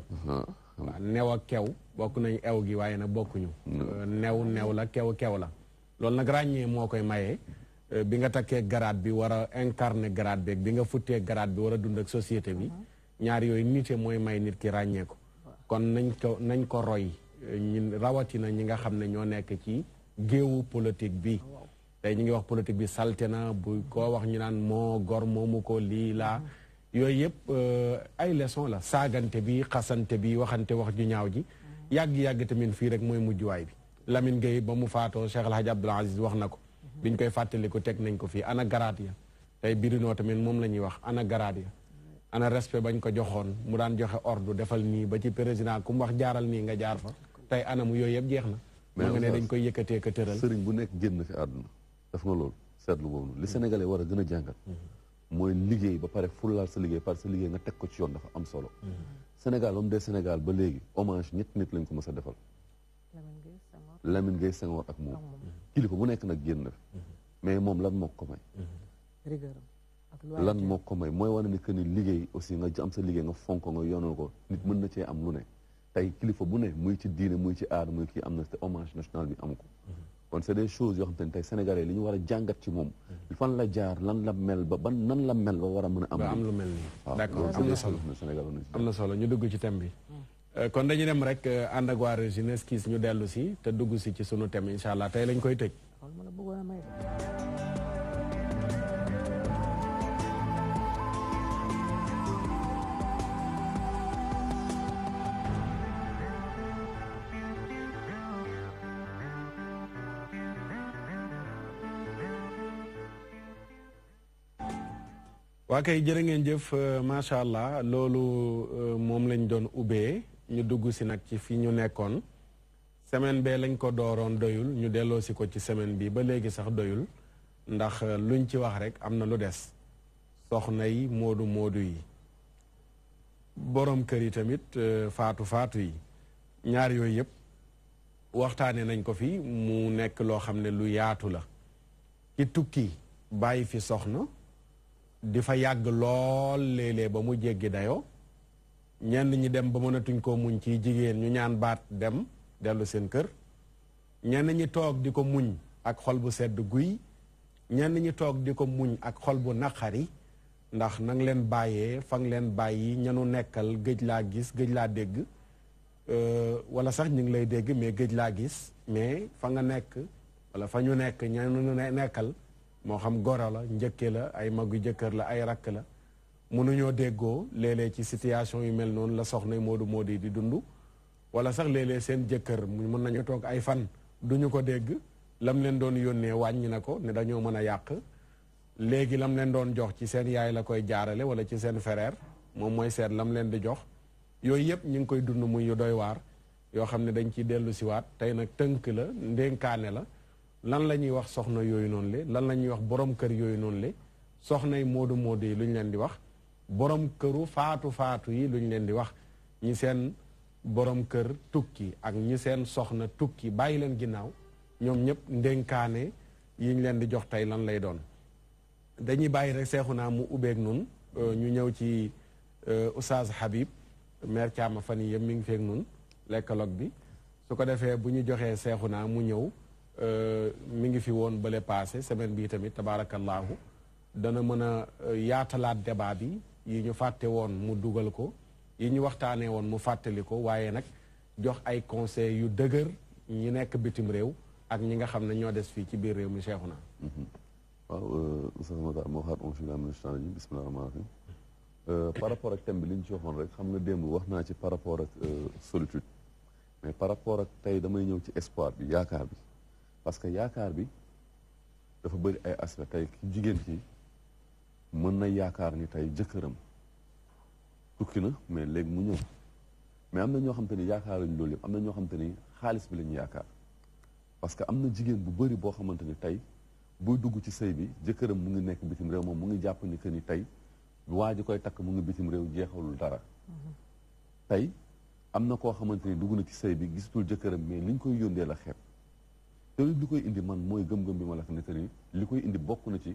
waaw ak kew bokk nañ ew gi waaye nag bokkuñu mm. new new la kew kew la loolu nag ràññee moo koy mayee Euh, bi nga takkee grade bi war a incarner grade beeg bi nga futtee grade bi war a ak société bi uh-huh. ñaar yooyu nite mooy may nit ki ràññee ko kon nañ ko nañ ko roy euh, ñun rawatina ñi nga xam ne ñoo nekk ci géewu politique bi oh, tey ñu ngi wax politique bi salte na bu uh-huh. ko wax ñu naan moo gor moomu ko lii laa uh-huh. yooyu yëpp euh, ay leçon la saagante bi xasante bi waxante wax ju ñaaw ji yàgg-yàgg tamit fii rek mooy mujjuwaay bi lamin Gueye ba mu faatoo Cheikh El Hadj Aziz wax na ko biñ koy fàttaliku teg nañ ko fii ana garaat ya tey birinoo tamit moom la ñuy wax ana garaat ya ana respect bañ ko joxoon mu daan joxe ordre defal nii ba ci président ku mu wax jaaral nii nga jaar fa tey mu yooyu yëpp jeex na mu nga ne dañ koy yëkkatee ka tëral sëriñ bu nekk génn fi àdduna daf nga loolu seetlu boobu li mm-hmm. sénégalais war a gën a jàngat mm-hmm. mooy liggéey ba pare fullaal sa liggéey parce que liggéey nga teg ko ci yoon dafa am solo mm-hmm. sénégal ba sénégal ba léegi hommage ñett nit lañ ko mës a defal Lamine Gueye Senghor ak kilifa bu nekk nag génn mais moom lan moo ko may lan moo ko mooy wane ni que ni liggéey aussi nga am sa liggéey nga fonko nga yoonal ko nit mën na cee am lu ne tey kilifa bu ne muy ci diine muy ci aada muy kii am na te hommage national bi am ko kon c'est des yoo xam te li ñu war a jàngat ci moom fan la jaar lan la mel ba ban nan la mel ba war a mën a am lu mel nii d'accord am na solo am na solo ñu dugg ci thème bi Euh, kon dañu dem rek euh, ànd ak waa jeunesse kiis ñu dellu te dugg si ci sunu thème incha allah tey lañ koy tëj. waa kay jërë jëf euh, macha allah loolu moom lañ doon ubbee. ñu dugg si nag ci fi ñu nekkoon semaine bee lañ ko dooroon doyul ñu delloo si ko ci semaine bi ba léegi sax doyul ndax euh, luñ ci wax rek am na lu des soxna yi moodu moodu yi boroom kër yi tamit euh, faatu faatu yi ñaar yooyu yëpp waxtaane nañ ko fi mu nekk loo xam ne lu yaatu la ci tukki bàyyi fi soxna di fa yàgg lool léeg ba mu jéggi dayoo ñen ñi dem ba mënatuñ ko muñ ci jigéen ñu ñaan baat dem delu seen kër ñen ñi toog di ko muñ ak xol bu sedd guy ñen ñi toog di ko muñ ak xol bu naqari ndax nang leen baye fang leen bàyyi ñanu nekkal gëj laa gis gëj laa dégg euh, wala sax ñu ngi lay dégg mais gëj laa gis mais fa nga nekk wala fa ñu nekk ñanu nekkal moo xam goro la ay magu jëkkër la ay rakk la mënuñoo déggoo léeg-léeg ci situation yu mel noonu la soxna moodu Modou di dund wala sax léeg-léeg seen jëkkër mën nañu toog ay fan duñu ko dégg lam leen doon yónnee wàññi na ko ne dañoo mën a yàq léegi lam leen doon jox ci seen yaay la koy jaarale wala ci seen frère moom mooy seet lam leen di jox yooyu yëpp ñu ngi koy dund muy yu doy waar yoo xam ne dañ ciy dellu siwaat tey nag tënk la ndénkaane la lan la ñuy wax soxna yooyu noonu le lan la ñuy wax borom kër yooyu noonu le soxnay Modou Modou yi lu leen di wax borom këru faatu faatu yi lu leen di wax ñi seen borom kër tukki ak ñi seen soxna tukki bàyyi leen ginnaaw ñoom ñëpp ndénkaane yi ñu leen di jox tey lan lay doon dañuy bàyyi rek seexu naa mu ubbeeg nun euh, ñu ñëw ci euh, Oustaz Habib maire Thiam fan yii yëpp mi ngi feeg nun lekkaloog bi su ko defee bu ñu joxee seexu naa mu ñëw euh, mi ngi fi woon bële paase semaine bii tamit tabaarakallaahu dana mën a yaatalaat débat bi yi ñu fàtte woon mu dugal ko yi ñu waxtaanee woon mu fàttali ko waaye nag jox ay conseil yu dëgër ñu nekk bitim réew ak ñi nga xam ne ñoo des fii ci biir réew mi seexu naa mhm. waaw euh, sa Makhtar moo xaat on sila ministan ji bismillah rahmaan rahim euh, par rapport ak thème bi li ci waxoon rek xam nga démb wax naa ci par rapport ak euh, solitude mais par rapport ak tey damay ñëw ci espoir bi yaakaar bi parce que yaakaar bi dafa bëri ay aspect tey jigéen ki mën na yaakaar ni tey jëkkëram tukki na mais léegi mu ñëw mais am na ñoo xam te ni yaakaar loolu yëpp am na ñoo xam te ni xaalis bi lañu yaakaar parce que am na jigéen bu bari boo xamante ni tey buy dugg ci sëy bi jëkkëram mu ngi nekk bitim réew moom mu ngi jàpp ni que ni tey waa ji koy takk mu ngi bitim réew jeexalul dara mhm. tey am na koo xamante ni dugg na ci sëy bi gisatul jëkkëram mais liñ koy yóndee la xeeb te li koy indi man mooy gëm-gëm bi ma la ko koy indi bokk na ci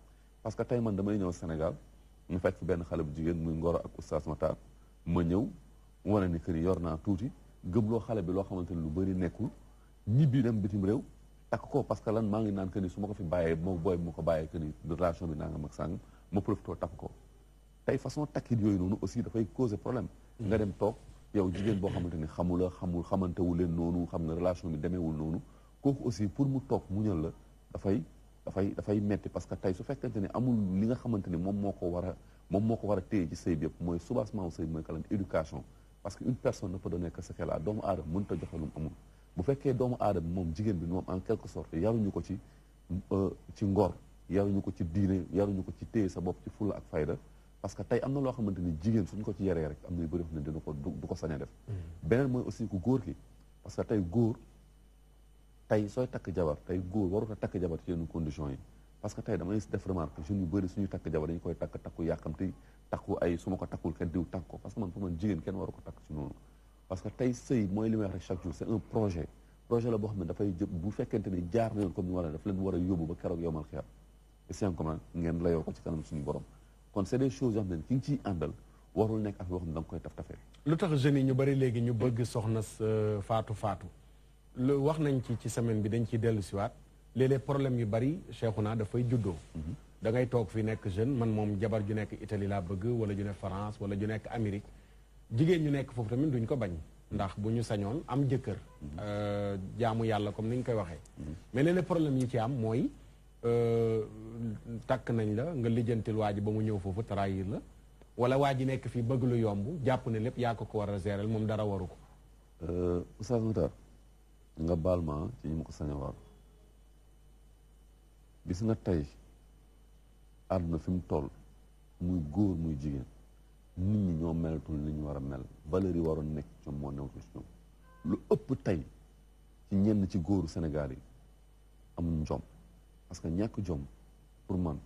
parce que tey man damay ñëw Sénégal ñu fekk fi benn xale bu jigéen muy Ngoro ak Oustaz Matar ma ñëw wane ni kër yor naa tuuti gëmloo xale bi loo xamante ni lu bëri nekkul ñibbi dem bitim réew takk ko parce que lan maa ngi naan que ni su ma ko fi bàyyee moo booy bi ma ko bàyyee que ni relation bi nangam ak sàngam ma profité takk ko tey façon takkit yooyu noonu aussi dafay causer problème mm. nga dem toog yow jigéen boo xamante ni xamula xamul xamantewu leen noonu xam nga relation bi demeewul noonu kooku aussi pour mu toog muñal la dafay dafay dafay metti parce que tey su fekkente ne amul li nga xamante ni moom moo ko war a moo ko a téye ci sëy bi yëpp mooy soubassement wu sëy mooy kalan éducation parce que une personne ne peut donner que ce qu'elle a doomu aadama mënut a joxe lu amul bu fekkee doomu aadama moom jigéen bi moom en quelque sorte yaruñu ko ci euh, ci ngor yaruñu ko ci diine yaruñu ko ci téye sa bopp ci fulla ak fayda parce que tey am na loo xamante ni jigéen suñ ko ci yaree rek am na yu bëri ko du ko sañ a def mm. beneen que tey góor tey sooy takk jabar tey góor warut a takk jabar ci yenn condition yi parce que tey dama leen si def remarque jeunes yu bëri suñu takk jabar dañu koy takk ko takkul kenn diw takk ko parce que man pour que tey sëy mooy li may wax rek chaque boo xam ne dafay jë bu fekkente ni jaar na leen a daf leen war a yóbbu ba keroog yomal xiyam essien commun ngeen layoo ko suñu borom kon c'est des choses yoo xam ne ki ngi ciy àndal da nga koy taf tafee lu tax yi ñu bëri léegi ñu bëgg soxna euh, faatu faatu lu wax nañ ci ci semaine bi dañ ciy dellu siwaat léeg-léeg yu bari naa dafay juddoo mhm. da ngay toog fi nekk jeune man moom jabar ju nekk Italie laa bëgg wala ju nekk France wala ju nekk Amérique jigéen ñu nekk foofu tamit duñ ko bañ mhm. ndax bu ñu sañoon am jëkkër mhm. euh, jaamu yàlla comme ni koy waxee mais léeg-léeg problème yi ci am mooy euh, takk nañ la nga lijjantil waa ji ba mu ñëw foofu trahir la wala waa ji nekk fii bëgg lu yomb jàpp ne lépp yaa ko ko war a gérer moom dara waru ko euh, Oustaz Makhtar nga baal ma ci ñi ma ko sañ a war gis nga tey àdduna fi mu toll muy góor muy jigéen nit ñi ñoo melatul ni ñu war a mel valeur yi waroon nekk ñoom moo newatul ci ñoom lu ëpp tey ci ñenn ci góoru Sénégal yi amuñ jom parce que ñàkk jom pour man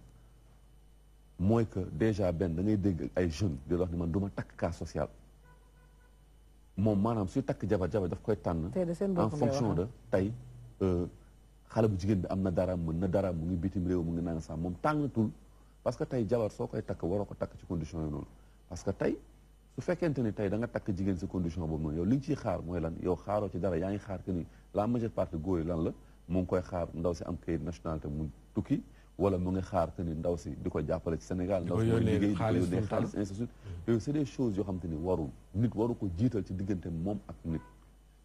mooy que déjà benn da ngay dégg ay jeunes di wax ne man du ma takk cas social moom maanaam suy takk jabar jabar daf koy tànn en fonction de ah. tey euh, xale bu jigéen bi am na dara mën na dara mu ngi bitim réew mu ngi naan sax moom tàngatul parce que tey jabar soo koy takk waroo ko takk ci condition yi noonu parce que tey su fekkente ni tey da nga takk jigéen si condition boobu noonu yow li nga ciy xaar mooy lan yow xaaroo ci dara yaa ngi xaar que ni la majeure partie góor yi lan la mu ngi koy xaar ndaw si am kayit nationalité mu tukki wala mu ngi xaar te ni ndaw si di ko jàppale ci Sénégal ndaw si mooy liggéey di ko yónnee xaalis ainsi de suite yooyu c'est des choses ni warul ko jiital ci diggante moom ak nit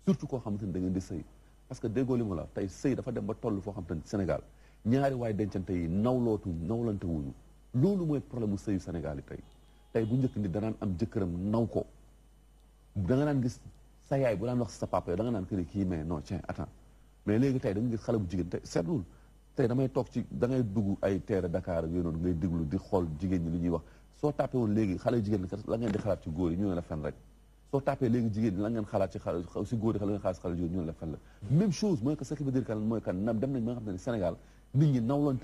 surtout koo xamante ni da di sëy parce que déggoo li mu la tey sëy dafa dem ba toll foo xamante ni Sénégal ñaari waay dencante yi nawlootuñ nawlante wuñu loolu mooy problème mu sëyu Sénégal yi tey bu njëkk nit danaan am jëkkëram naw ko da nga naan gis sa yaay bu daan wax sa papa da nga naan que kii mais noo tiens attends mais léegi tey da nga gis xale bu jigéen tey seetlul tey damay toog ci da ngay dugg ay teere Dakar yooyu noonu ngay déglu di xool jigéen ñi li ñuy wax soo tapé woon léegi xale jigéen la ngeen di xalaat ci góor yi ñu ne la fen rek soo tapé léegi jigéen la ngeen si góor yi la ngeen xalaat ci xale jigéen ñu ne la fen la même chose mooy que ce qui veut dire que ba nga xam ne Sénégal nit mm-hmm.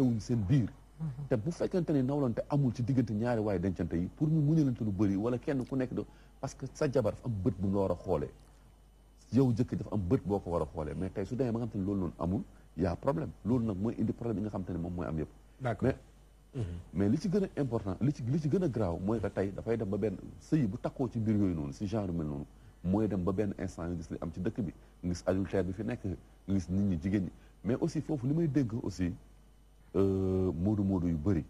te amul ci diggante ñaari waaye dencante yi pour ñu muñalante lu bëri wala kenn ku nekk do parce que sa jabar dafa am bët bu mu la war a xoolee yow jëkk dafa am bët boo ko war a xoolee mais tey su demee ba nga xam ne loolu noonu amul y' a problème loolu nag mooy indi problème yi nga xam te ne moom mooy am yëpp. d'accord mais mhm. mais li ci gën a important li ci li ci gën a graaw mooy que tey dafay dem ba benn sëy bu takkoo ci mbir yooyu noonu si genre mel noonu mooy dem ba benn instant nga gis li am ci dëkk bi ngi gis adultère bi fi nekk nga nit ñi jigéen ñi mais aussi foofu li may dégg aussi euh, moodu moodu yu bëri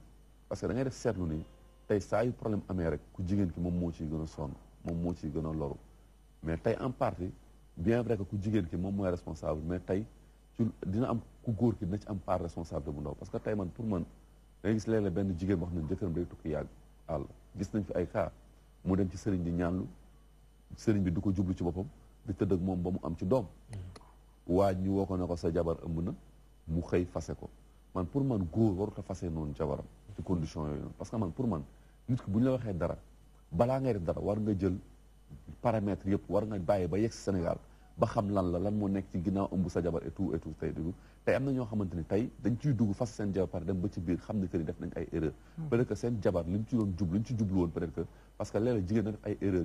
parce que da def seetlu ni tey saa yu problème amee rek ku jigéen ki moom moo ciy gën moom moo ciy gën a loru mais tey en partie bien vrai que ku jigéen ki moom mooy responsable mais tey ci dina am ku góor ki dina ci am part responsable bu ndaw parce que tey man pour man da gis léeg-léeg benn jigéen wax nañ jëkkëram day tukki yàgg àll gis nañ fi ay cas mu dem ci sëriñ di ñaanlu sëriñ bi du ko jublu ci boppam di tëdd ak moom ba mu am ci doom waa ñu woo ko ne ko sa jabar ëmb na mu xëy fase ko man pour man góor warut a fase noonu jabaram ci condition yooyu noonu parce que man pour man nit ki bu ñu la waxee dara balaa ngay def dara war nga jël paramètres yëpp war nga bàyyi ba yegg si Sénégal ba xam lan la lan moo nekk ci ginnaaw ëmb sa jabar tey dugg tey am na ñoo xamante ni tey dañ ciy dugg fas seen jabar pare dem ba ci biir xam ne que ni def nañ ay erreur hmm. peut-être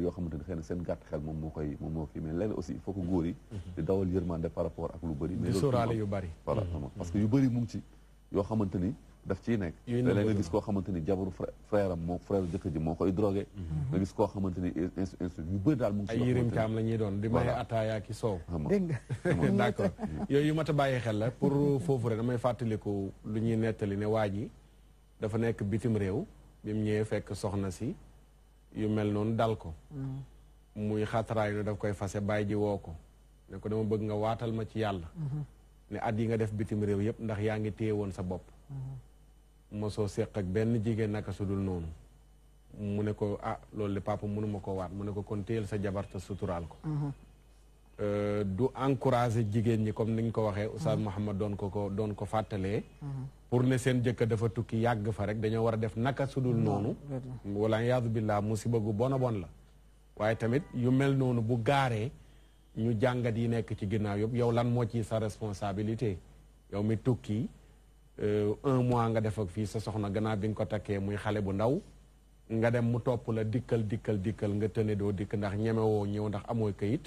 yoo xamante ni seen gàtt xel moom moo koy moom moo aussi il faut que hmm. dawal yërmande par rapport ak lu bëri mais sóoraale yu bëri hmm. parce que yu bëri mu ci yoo xamante ni daf ciy nekk léeg-léeg nga gis koo xamante ni jabaru frère am moo frère jëkkër ji moo koy drogué mhm. nga gis koo xamante ni institut yu ay yirim kaam la ñuy doon di maye ataaya ki soow dégg nga (laughs) d'accord yooyu yu mat a bàyyi xel la pour foofu rek damay fàttaliku lu ñuy nettali ne waa ji dafa nekk bitim réew bi ñëwee fekk soxna si yu mel noonu dal ko mm-hmm. muy xaataraay no koy fase bàyyi ji ko ko dama bëgg nga waatal ma ci yàlla mm-hmm. at yi nga def bitim réew yëpp ndax yaa ngi téye woon sa bopp mm-hmm. mosoo seq ak benn jigéen naka su dul noonu mu ne ko ah loolu de papa mënuma ko waat mu ne ko kon téyel sa jabar te suturaal ko mhm. euh, du encouragé jigéen ñi comme ni nga ko waxee Oustaz mhm. Mouhamed doon ko ko doon ko fàttalee mhm. pour ne seen jëkkër dafa tukki yàgg fa rek dañoo war a def naka sudul noonu wala yaadu billaa musiba gu bon a bon la waaye tamit yu mel noonu bu gaaree ñu jàngat yi nekk ci ginnaaw yëpp yow lan moo ci sa responsabilité yow mi tukki Euh, un mois nga def ak fii sa soxna gannaaw bi nga ko takkee muy xale bu ndaw nga dem mu topp la dikkal dikkal dikkal nga tëne doo dikk ndax ñemewoo ñëw ndax amoo kayit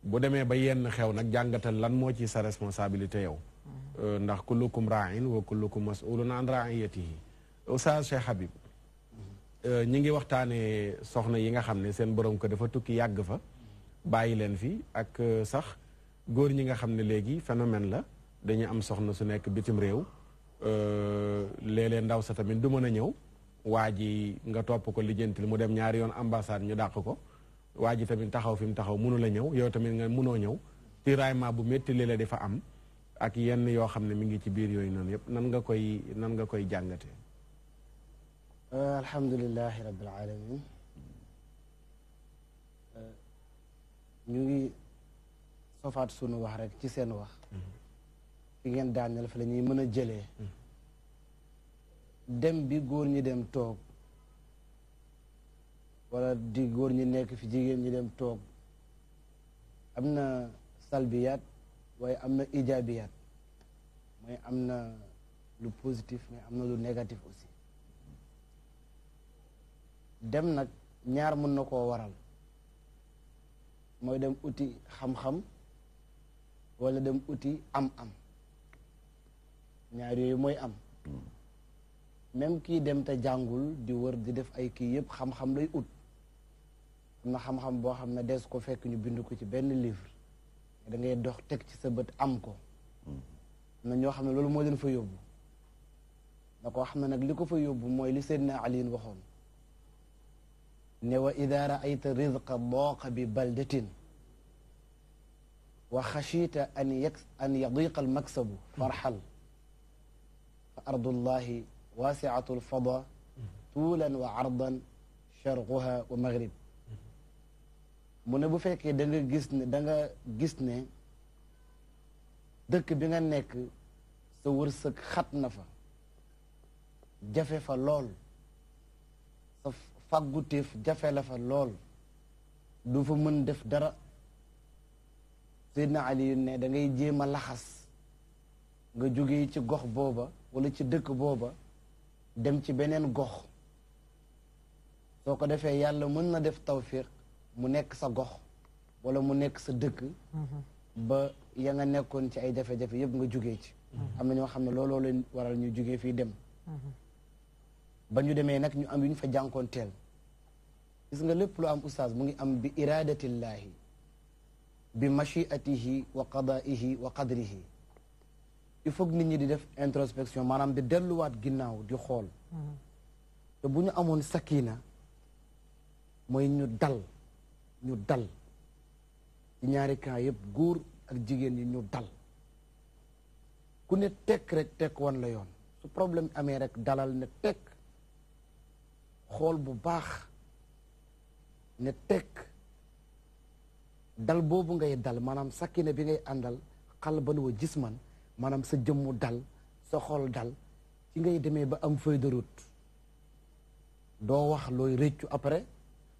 bu demee ba yenn xew nag jàngatal lan moo ci sa responsabilité yow mm-hmm. euh, ndax kullukum raain wa kullukum masulun an raiyatihi oustaz Cheikh Habib mm-hmm. euh, ñi ngi waxtaanee soxna yi nga xam ne seen borom ko dafa tukki yàgg fa bàyyi leen fi ak sax góor ñi nga xam ne léegi phénomène la dañu am soxna su nekk bitim réew Euh, léeg-léeg ndaw sa tamit du mën a ñëw waa ji nga topp ko lijjantil mu dem ñaari yoon ambassade ñu dàq ko waa ji tamit taxaw fi mu taxaw mënu la ñëw yow tamit nga mënoo ñëw tiraillement bu métti léeg-léeg dafa am ak yenn yoo xam ne mi ngi ci biir yooyu noonu yëpp nan nga koy nan nga koy jàngatee. Euh, alhamdulilahi rabbil alamin euh, ñu ngi sofaat sunu wax rek ci seen wax. fi ngeen daaneel fa la ñuy mën a jëlee dem bi góor ñi dem toog walla di góor ñi nekk fi jigéen ñi dem toog am na salbiyaat waaye am na ijaabiyaat mooy am na lu positif mais am na lu négatif aussi dem nag ñaar mën na koo waral mooy dem uti xam-xam wala dem uti am-am ñaar yooyu mooy am même kii dem te jàngul di wër di def ay kii yëpp xam-xam lay ut am na xam-xam boo xam ne des ko fekk ñu bind ko ci benn livre da ngay dox teg ci sa bët am ko am na ñoo xam ne loolu moo leen fa yóbbu da ko xam ne nag li ko fa yóbbu mooy li Seydina Aliin waxoon ne wa ida raayta rizqa dooqa bi baldatin wa xashiita an yadiqa almaksabu farxal فأرض الله واسعة الفضاء طولا وعرضا شرقها ومغرب من بو فيك دنجا جسن دنجا جسن دك بينا نك سورسك خط نفا جفة فلول فاغوتيف جفة لفا لول من دف درا سيدنا علي ني دنجا جيما لخص nga jógee wala ci dëkk booba dem ci beneen gox soo ko defee yàlla mën na def tawfiq mu nekk sa gox wala mu nekk sa dëkk mhm. ba ya nga nekkoon ci ay jafe-jafe yëpp nga jugee ci mhm. am na ñoo xam ne looloo leen waral ñu jugee fii dem mhm. ba ñu demee nag ñu am yu ñu fa jànkoon teel gis nga lépp lu am ustaas mu ngi am bi iradatillahi bi machiatihi wa qadaihi wa qadrihi il faut nit ñi di def introspection maanaam di delluwaat ginnaaw di xool te bu ñu amoon sakkina mooy ñu dal ñu dal ci ñaari cas yëpp góor ak jigéen ñi ñu dal ku ne tekk rek tekk wan la yoon su problème amee rek dalal ne tekk xool bu baax ne tekk dal boobu ngay dal maanaam sakkina bi ngay àndal xal ban wa gis man maanaam sa jëmmu dal sa xol dal ci ngay demee ba am feuille de doo wax looy rëccu après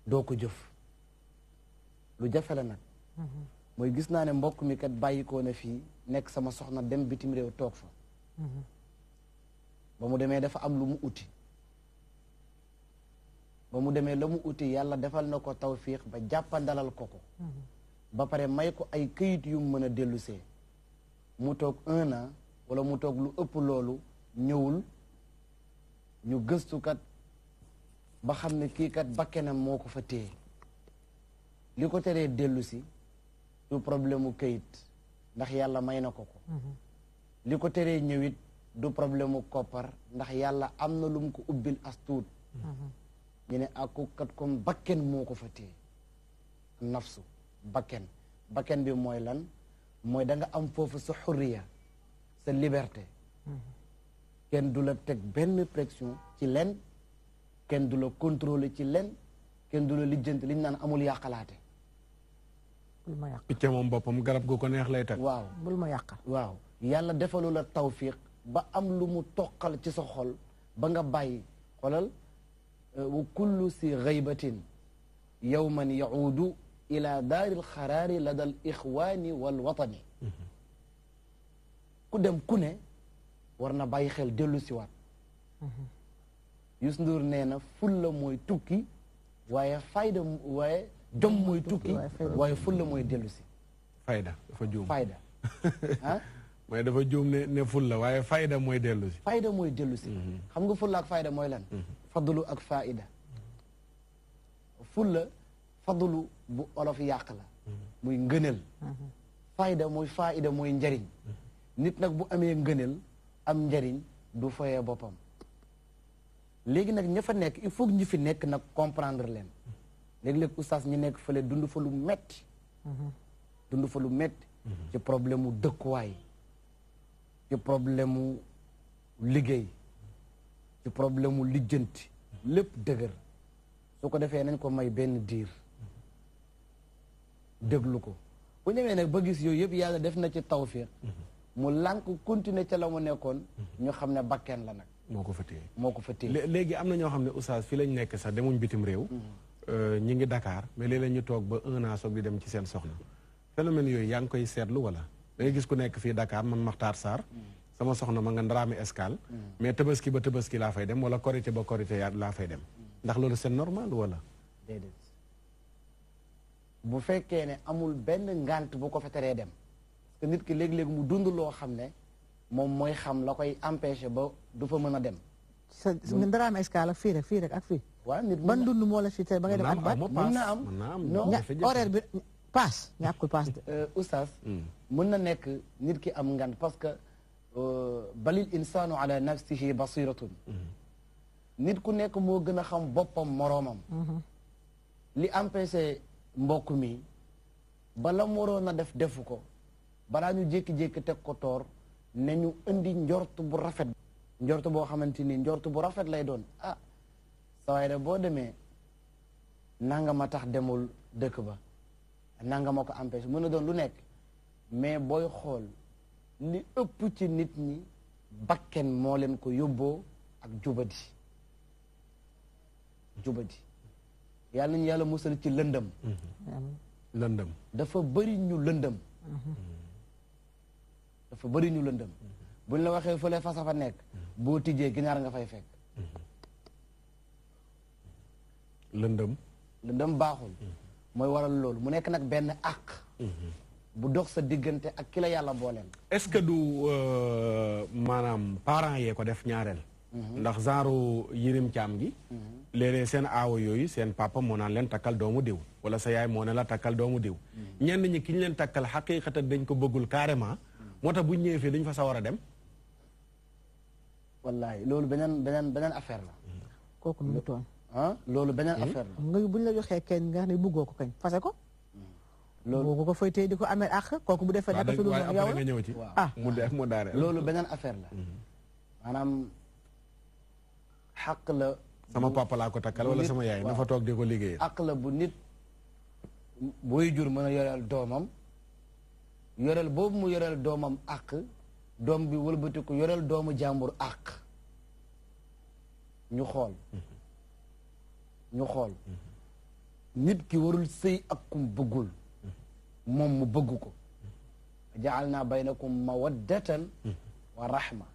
doo ko jëf lu jafale la nag mhm. mooy gis naa ne mbokk mi kat bàyyikoo na fii nekk sama soxna dem bitim réew toog fa mhm. ba mu demee dafa am lu mu uti ba mu demee la mu uti yàlla defal na ko tawfiix ba jàppandalal ko ko mhm. ba pare may ko ay këyit yu mën a dellusee mu toog un an wala mu toog lu ëpp loolu ñëwul ñu gëstukat ba xam ne kii kat bakkenam moo ko fa téye li ko teree dellusi du problème mu kayit ndax yàlla may na ko ko mhm. li ko teree ñëwit du problème mu koppar ndax yàlla am na lu mu ko ubbil astuut mhm. ñu ne aku kat comme bakken moo ko fa téye nafsu bakken bakken bi mooy lan mooy danga am foofu sa xurriya sa liberté kenn du la teg benn pression ci len kenn du la contrôler ci len kenn du la lijjanti li naan amul yàqalaate bul ma yàq picc moom boppam garab gu ko neex lay teg waaw bul ma yàqal waaw yàlla defalu la tawfiq ba am lu mu toqal ci sa xol ba nga bàyyi xolal euh, wa si xaybatin yawman yaudu إلى دار الخرار لدى الإخوان والوطن كدم كنة ورنا باي خيل ديلو سيوات يسندور نينا فل موي توكي واي فايدة واي دم موي توكي واي فل موي ديلو سي فايدة فجوم فايدة moy dafa joom ne ne ful la waye fayda moy delu ci fayda moy delu ci xam nga ful ak fayda moy lan fadlu fadlu bu olof yàq la muy ngëneel fayda muy faida mooy njariñ nit nag bu amee ngëneel am njariñ du foyee boppam léegi nag ña fa nekk il faut ñi fi nekk nag comprendre leen léeg-léeg oustaz ñi nekk fële dund fa lu metti dund fa lu metti ci problème mu dëkkuwaay ci problème mu liggéey ci problème mu lijjanti lépp dëgër su ko defee nañ ko may benn diir déglu ko bu ñëwee nag ba gis yooyu yëpp yàlla def na ci tawfiq mhm. mu lànk continuer ca la mu nekkoon mhm. ñu xam ne bakkeen la nag moo ko fa téye moo ko fa léegi am na ñoo xam ne oustaz fii lañ nekk sax demuñ bitim réew mhm. euh, ñu ngi dakaar mais léeg-léeg ñu toog ba un an soog di dem ci seen soxna phénomène yooyu yaa ngi koy seetlu wala da gis ku nekk fii dakaar man Makhtar Sarr sama soxna ma nga Ndramé Escale mais tabaski ba tëbëski laa fay dem wala korité ba korité laa fay dem ndax loolu c'est normal wala bu fekkee ne amul benn ngant bu ko feteree dem nit ki léeg-léeg mu dund loo xam ne moom mooy xam la koy empêché ba du fa mën a dem. sa dara am escale fii rek fii rek ak fii. waaw nit ban dund moo la si te ba ngay dem at baat mën na am non horaire bi paas ñàkkul paas de. Euh, oustaz. mën mm. na nekk nit ki am ngànt parce que euh, balil insaanu ala nafsihi basiratun mm-hmm. nit ku nekk moo gën a xam boppam moroomam. Mm-hmm. li empêché. mbokk mi bala mu waroon a def defu ko balaa ñu jékki-jékki teg ko toor ne ñu indi njort bu rafet njort boo xamante ni njort bu rafet lay doon ah sawaay boo demee nanga ma tax demul dëkk ba nangama ko empêche mën a doon lu nekk mais booy xool li ëpp ci nit ñi bakken moo leen ko yóbboo ak jubadi jubadi yalla ñu yalla mussal ci lëndëm mm-hmm. lëndëm dafa bari ñu lëndëm mm-hmm. dafa bari ñu lëndëm mm-hmm. buñ la waxee fële fasa fa nek bo tijjee ginaar nga fay fek lëndëm lëndëm baxul moy waral lool mu nek nak ben ak bu dox sa digënté ak kila yalla yàlla est-ce que du euh, manam parents yé ko def ñaarel Mm-hmm. ndax genre yirim caam gi mm-hmm. léeg-léeg seen aawo yooyu seen papa moo naan leen takkal doomu diw wala sa yaay moo ne la takkal doomu diw mm-hmm. ñenn ñi ki ñu leen takkal xaqiqatan dañ ko bëggul carrément moo tax buñ ñëwee fii dañ fa sawar a dem wallaahi loolu beneen beneen beneen affaire la kooku lu mu ah, loolu beneen hmm? affaire la la joxee kenn nga xam ne bëggoo ko kañ fase ko mm. loolu boo ko fay di ko amee àq kooku bu defee naka su dul yow ah. mu def mu daaree loolu beneen affaire la xaq la. sama papa ko takkal wala sama yaay na fa toog di ko liggéeyal. bu nit booy jur mën a yoreel doomam yoreel boobu mu yoreel doomam àq doom bi wëlbatiku yoreel doomu jàmbur àq ñu xool ñu xool nit ki warul sëy ak kum bëggul moom mu bëgg ko jaal naa baynakum mawaddatan wa rahma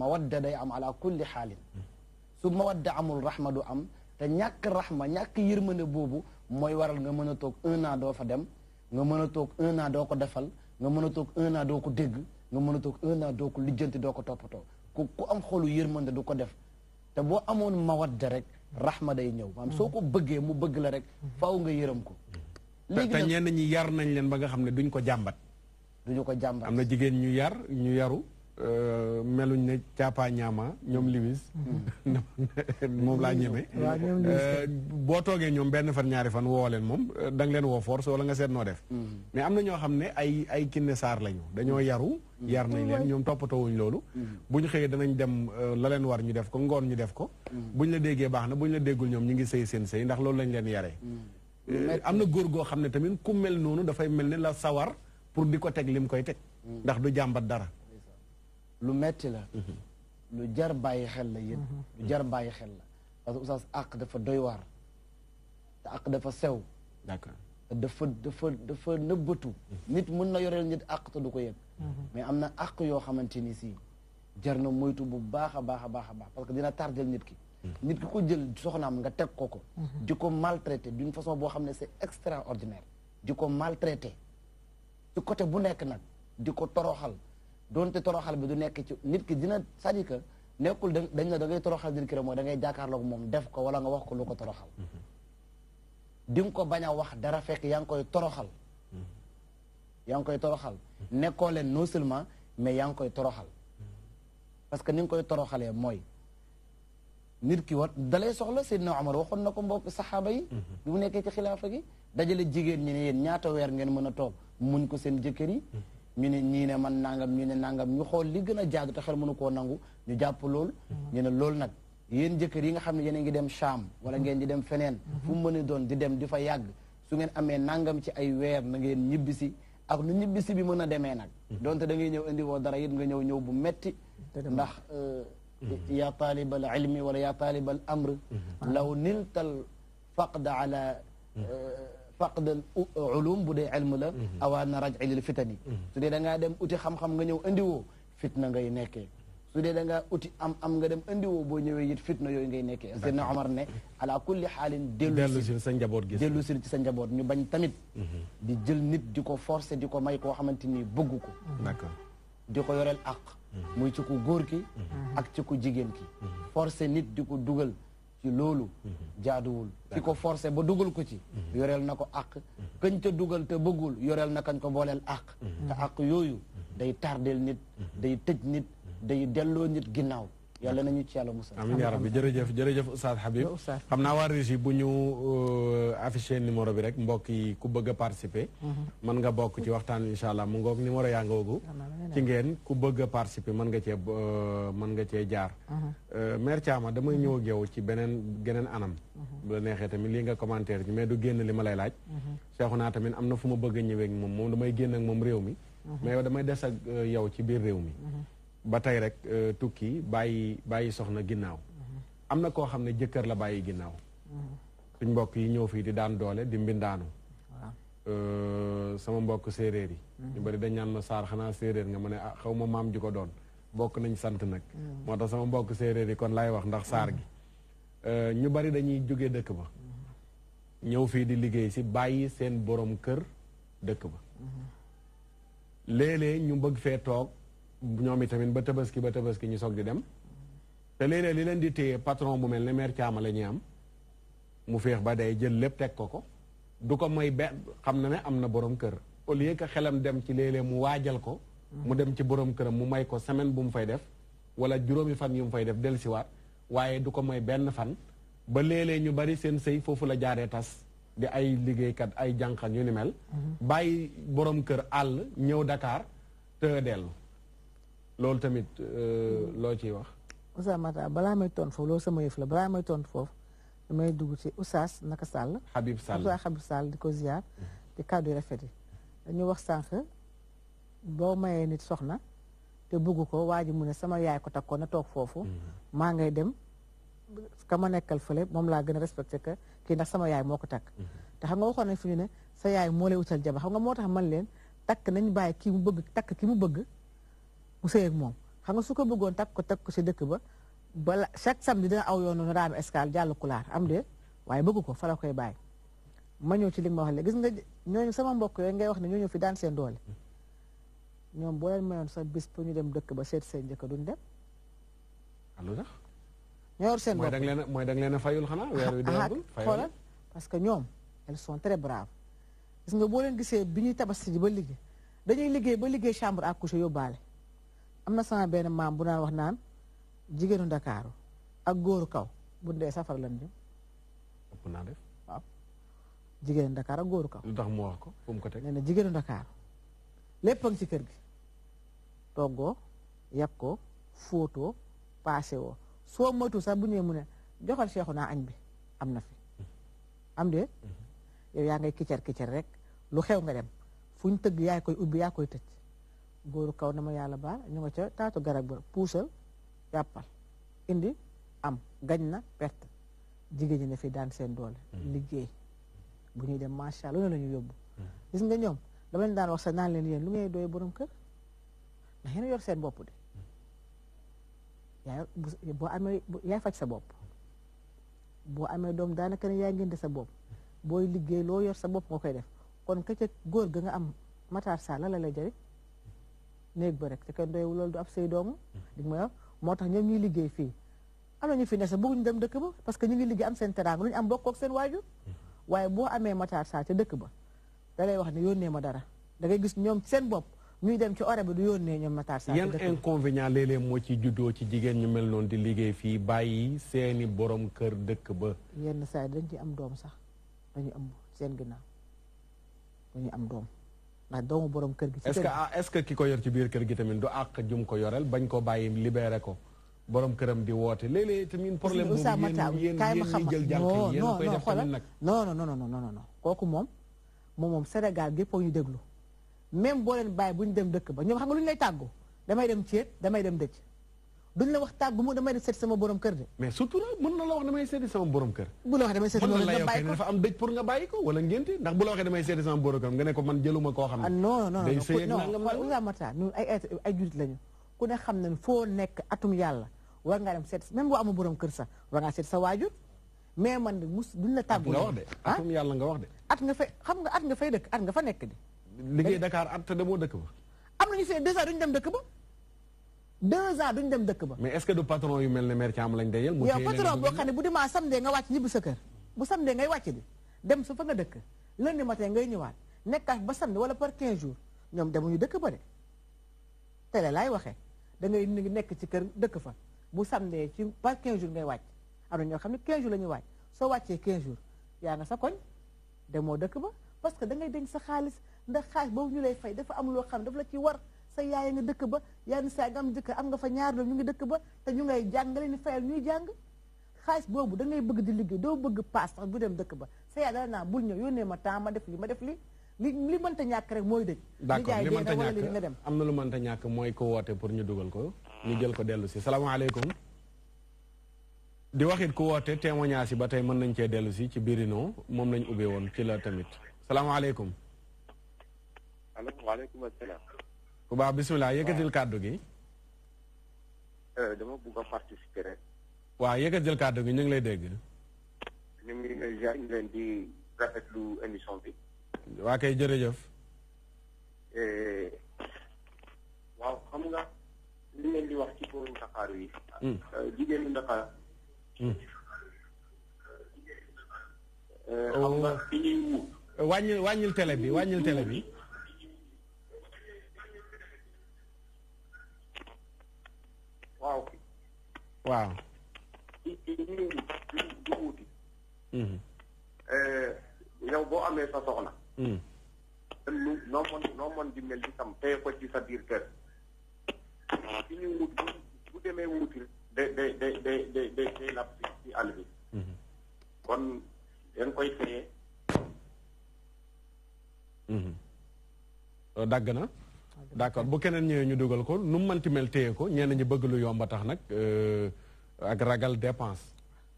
mawadda day am ala kulli xaalin su da amul rahma du am te ñàkk rahma ñàkk yërmande boobu mooy waral nga mën a toog un doo fa dem nga mën a toog un doo ko defal nga mën a toog un doo ko dégg nga mën a toog un doo ko lijjanti doo ko toppatoo ku ku am xolu yërmande du ko def te boo amoon mawadda rek rahma day ñëw maanaam soo ko bëggee mu bëgg la rek faaw nga yërëm ko léegi te ñenn ñi yar nañ leen ba nga xam ne duñ ko jàmbat duñu ko jàmbat am na jigéen ñu yar ñu yaru Euh, meluñ ne caapa ñaama ñoom liwis mm-hmm. (laughs) moom laa ñeme mm-hmm. euh, boo toogee ñoom benn fan ñaari fan woo leen moom euh, da leen woo foor soo la nga seet noo def mm-hmm. mais am na ñoo xam ne ay ay kinne saar lañu dañoo yaru yar nañ leen ñoom toppatoowuñ loolu bu ñu xëyee danañ dem la leen war ñu def ko ngoon ñu def ko bu ñu la déggee baax na buñ la déggul ñoom ñu ngi sëy seen sëy ndax loolu lañ leen yaree am na góor goo xam ne tamit ku mel noonu dafay mel ne la sawar pour di ko teg lim koy teg ndax du jàmbat dara lu metti la mhm. lu jar bàyyi xel la yéen mhm. lu jar bàyyi xel la parce que oustaz àq dafa doy waar te àq dafa sew d'accord dafa dafa dafa nëbbatu mhm. nit mën na yoreel nit àq te du ko yëg mais am na àq yoo xamante ni si jar na moytu bu baax a baax a baax a baax parce que dina tardel nit ki nit ki ko jël soxnaam nga teg ko ko di ko maltraité d'une façon boo xam ne extra extraordinaire di ko maltraité ci côté bu nekk nag di ko toroxal donte toroxal bi du nekk ci nit ki dina c'est-à-dire que nekkul dañ da ngay toroxal nit ki rek mooy da ngay jàkkaarloog moom def ko wala nga wax ko lu ko toroxal mm-hmm. di ko bañ a wax dara fekk yaa ngi koy toroxal mm-hmm. yaa ngi koy toroxal mm-hmm. nekkoo leen non seulement mais yaa ngi koy toroxal parce que ni koy toroxalee mooy nit ki war dalay soxla Seydina Omar waxoon na ko mbokk saxaaba yi bi mu nekkee ci xilaafa gi dajale jigéen ñi ne ñaata weer ngeen mën a toog muñ ko seen jëkkër yi ñu ne ñii ne man nangam ñu ne nangam ñu xool li gën a jaag te xel mënu koo nangu ñu jàpp lool. ñu ne loolu nag yéen jëkkër yi nga xam ne yéen a ngi dem Cham wala ngeen di dem feneen. fu mu mën a doon di dem di fa yàgg su ngeen amee nangam ci ay weer na ngeen ñibbisi ak nu ñibbisi bi mën a demee nag. donte da ngay ñëw indi woo dara it nga ñëw ñëw bu metti ndax euh, yaa taalibal ilmi wala yaa taalibal amr. law niltal faqda ala. Hmm. Euh, faqdal ulum bu dee elmu la awaa na raj ilil fitani su dee da ngaa dem uti xam-xam nga ñëw indiwoo fitna ngay nekkee su dee da ngaa uti am am nga dem indiwoo boo ñëwee it fitna yooyu ngay nekkee Seydina Omar ne ala kulli xaalin dellu si sa njaboot gi dellu si ci sa njaboot ñu bañ tamit di jël nit di ko forcer di ko may koo xamante ni bëgg ko d'accord di ko yoreel àq muy ci ku góor ki ak ci ku jigéen ki forcer nit di ko dugal ci loolu jaaduwul ki ko forcé ba dugal ko ci yoreel na ko àq kañ ca dugal te bëggul yoreel na kañ ko booleel àq te àq yooyu day tardel nit day tëj nit day delloo nit ginnaaw yàlla nañu ci yàlla musal amiin yaa rabbi jërëjëf jërëjëf Oustaz Habib xam naa waa régie bu ñu euh, affiché numéro bi rek mbokk yi ku bëgg a participer mhm. mën nga bokk ci waxtaan wi insha allah mu ngoog numéro yaa nga woogu ci ngeen ku bëgg a participer mën nga cee euh, mën nga cee jaar mhm. euh, mère Thiama damay mhm. ñëw ak ci beneen geneen anam bu la neexee tamit lii nga commentaire ci mais du génn li ma lay laaj seexu naa tamit am na fu ma bëgg a ñëwee ak moom moom damay génn moom réew mi mais yow damay des ak yow ci biir réew mi ba tey rek euh, tukki bàyyi bàyyi soxna ginnaaw mm-hmm. am na koo xam ne jëkkër la bàyyi ginnaaw mm-hmm. suñ mbokk yi ñëw fii di daan doole di mbindaanu euh, sama mbokk séeréer yi ñu mm-hmm. bari dañ ñaan ma xanaa séeréer nga ma ne ah xaw ma maam ju ko doon bokk nañ sant nag sama mbokk séeréer yi kon laay wax ndax saar gi euh, ñu bari dañuy jóge dëkk ba ñëw fii di liggéey si bàyyi seen borom kër dëkk ba léeg-léeg ñu bëgg fee toog ñoom itamit ba tabaski ba tabaski ñu soog di dem te léeg li leen di téye patron bu mel ne maire Thiam la ñuy am mu féex ba day jël lépp teg ko ko du ko moy benn xam na ne am na borom kër au lieu que xelam dem ci léeg mu waajal ko. mu dem ci borom këram mu may ko semaine bu mu fay def wala juróomi fan yu mu fay def dellusiwaat waaye du ko mooy benn fan ba léeg ñu bari seen sëy foofu la jaaree tas. di ay liggéeykat ay jànqan yu ni mel. Mhm. bàyyi borom kër àll ñëw Dakar te dellu. loolu tamit euh, loo ciy wax. Oustaz Makhtar balaa may tontu foofu loolu sama yëf la balaa may tontu foofu damay dugg ci Oustaz naka Sall. Habib Sall Oustaz Habib Sall di ko ziar. di kàddu yu rafet yi. dañu wax sànq boo mayee nit soxna te bugg ko waa ji mu ne sama yaay ko takkoon na toog foofu. Mhm. maa ngay dem ka ma nekkal fële moom laa gën a respecté que kii ndax sama yaay moo ko takk. Mhm. te xam nga waxoon nañ fi ñu ne sa yaay moo lay utal jabar xam nga moo tax man leen takk nañ bàyyi kii mu bëgg takk ki mu bëgg. mu moom xam nga su ko bëggoon takk ko takk si dëkk ba bala chaque samedi dina aw yoonu raami escale jàll kulaar am de waaye bëggu ko fa la koy bàyyi ma ñëw ci li ma wax léegi gis nga ñooñu sama mbokk yooyu ngay wax ne ñooñu fi daan seen doole ñoom boo leen mayoon sax bis pour ñu dem dëkk ba seet seen njëkk duñ dem. allo ah, sax. seen bopp mooy da nga mooy da leen a fayul xanaa weer wi ah, ah, deewagul parce que ñoom elles sont très braves. gis nga boo leen gisee bi ñuy tabaski ji ba liggéey dañuy liggéey ba liggéey chambre à coucher yóbbaale. am na sama benn maam bu naan wax naan jigéenu ndakaaru ak góoru kaw bu dee safar lan jëm. ëpp naa def waaw. jigéenu ndakaaru ak mu wax ko fu mu jigéenu ndakaaru lépp a ci kër gi. toggoo yàq ko fóotoo paase woo soo moytu sax bu ñëwee mu ne joxal seexu na añ bi am na fi. am de mm-hmm. yaa ngay kiccar kiccar rek lu xew nga dem fu ñu tëgg koy ubbi yaa koy tëj. góoru kaw na ma yàlla baal ñu nga ca taatu garab ba puusal yàppal indi am gañ na perte jigéen ñi ne fi daan seen doole hmm. liggéey bu ñuy dem macha allah lu ne la ñu yóbbu hmm. gis nga ñoom dama leen daan wax sax naan leen yéen lu ngay doy borom kër ndax yéen yor seen bopp de yaay amee yaay faj sa bopp boo amee doom daanaka ne yaa ngénte sa bopp booy liggéey loo yor sa bopp nga koy def kon ka góor ga nga am mataar saa la la lay jëriñ néeg ba rek te kenn doyewul loolu du ab sëy doomu dig moo tax ñoom ñuy liggéey fii am na ñu fi ne sax bëgguñu dem dëkk ba parce que ñu ngi liggéey am seen teraanga lu ñu am bokk ak seen waajur waaye boo amee mataar saa ca dëkk ba da lay wax ne yónnee ma dara da ngay gis ñoom seen bopp ñuy dem ci ore bi du yónnee ñoom mataar saa yan inconvénient léeg-léeg moo ci juddoo ci jigéen ñu mel noonu di liggéey fii bàyyi seeni borom kër dëkk ba yenn saa dañ ci am doom sax dañu am seen ginnaaw dañu am doom ndax ah, doomu borom kër gi. ci est-ce ah, ki ko yor ci biir kër gi tamit du àq jum ko yoreel bañ ko bàyyi libéré ko borom këram di woote léeg-léeg tamit problème boobu yéen yéen ñi jël jànq kooku moom moom moom Sénégal géppoo ñu lu même boo leen bàyyi bu ñu dem dëkk ba ñoom xam nga lu ñu lay tàggu damay dem ceet damay dem dëj duñ la wax tàggu mu damay set sama borom kër de. mais surtout la mën na la wax damay set sama borom kër. bu la wax damay set sama borom kër dafa am dëj pour nga bayiko wala ngénte ndax bu la waxee damay set sama borom kër nga ne ko man jëluma ko xam ne. non non day non non non mata ñu ay ay jurit lañu ku ne xam fo nek atum yalla war nga dem set même bu amul borom kër sa war nga set sa wajur mais man mus duñ la tag nga wax de atum yalla nga wax de. at nga fay xam nga at nga fay dëkk at nga fa nek de. liggéey Dakar at te demo dëkk ba. am nañu seen déjà duñ dem dëkk ba deux ans duñ dem dëkk ba. mais est-ce que du patron yu mel ne maire Thiam lañ dayal. yow patron boo xam ne bu dimanche samedi nga wàcc ñibbi sa kër bu samedi ngay wàcc di dem su fa nga dëkk lundi matin ngay ñëwaat nekkaat ba samedi wala par 15 jours ñoom ñu dëkk ba de tele laay waxee da ngay nekk ci kër dëkk fa bu samedi ci par 15 jours ngay wàcc am na ñoo xam ne 15 jours la ñuy wàcc soo wàccee 15 jours yaa nga sa koñ demoo dëkk ba parce que da ngay denc sa xaalis ndax xaalis boobu ñu lay fay dafa am loo xam dafa la ci war. sa yaay nga dëkk ba yenn saa nga am jëkkër am nga fa ñaar doom ñu ngi dëkk ba te ñu ngay jàng nga leen di fayal ñuy jàng xaalis boobu da ngay bëgg di liggéey doo bëgg paas sax bu dem dëkk ba sa yaay dala naa bul ñëw yónnee ma taam ma def li ma def li li li mënta ñàkk rek mooy dëj d'accord li mënta ñàkk nga dem am na lu mënta ñàkk mooy ko woote pour ñu dugal ko ñu jël ko dellu si salaamaaleykum di waxit ku woote témoignage yi ba tey mën nañ cee dellu si ci birinoo moom lañ ubbee woon ci la tamit salaamaaleykum aleykum bu baax bisimilah yëkkatil kàddu gi. Euh, dama bugg a participer rek. waaw yëkkatil kàddu gi ñu ngi lay dégg. ñu ngi leen di rafetlu émission bi. waa kay jërëjëf. Euh, waaw xam nga li leen di wax ci góoru Ndakaaru yi. Hmm. Euh, jigéenu Ndakaar. Hmm. xam nga wàññil wàññil télé bi wàññil télé bi. waaw. waaw. ci ci li ñu di wuti. yow boo amee sa soxna. Hmm. lu noo mën noo mën di mel di tam teye ko ci sa biir kër. ci ñu wut bu demee wuti de de de de de de lab si si kon dañ koy feye. Hmm. dagg na. d' accord bu keneen ñëwee ñu dugal ko nu mu manti mel téye ko ñenn ñi bëgg lu yomba tax nag euh, ak ragal dépense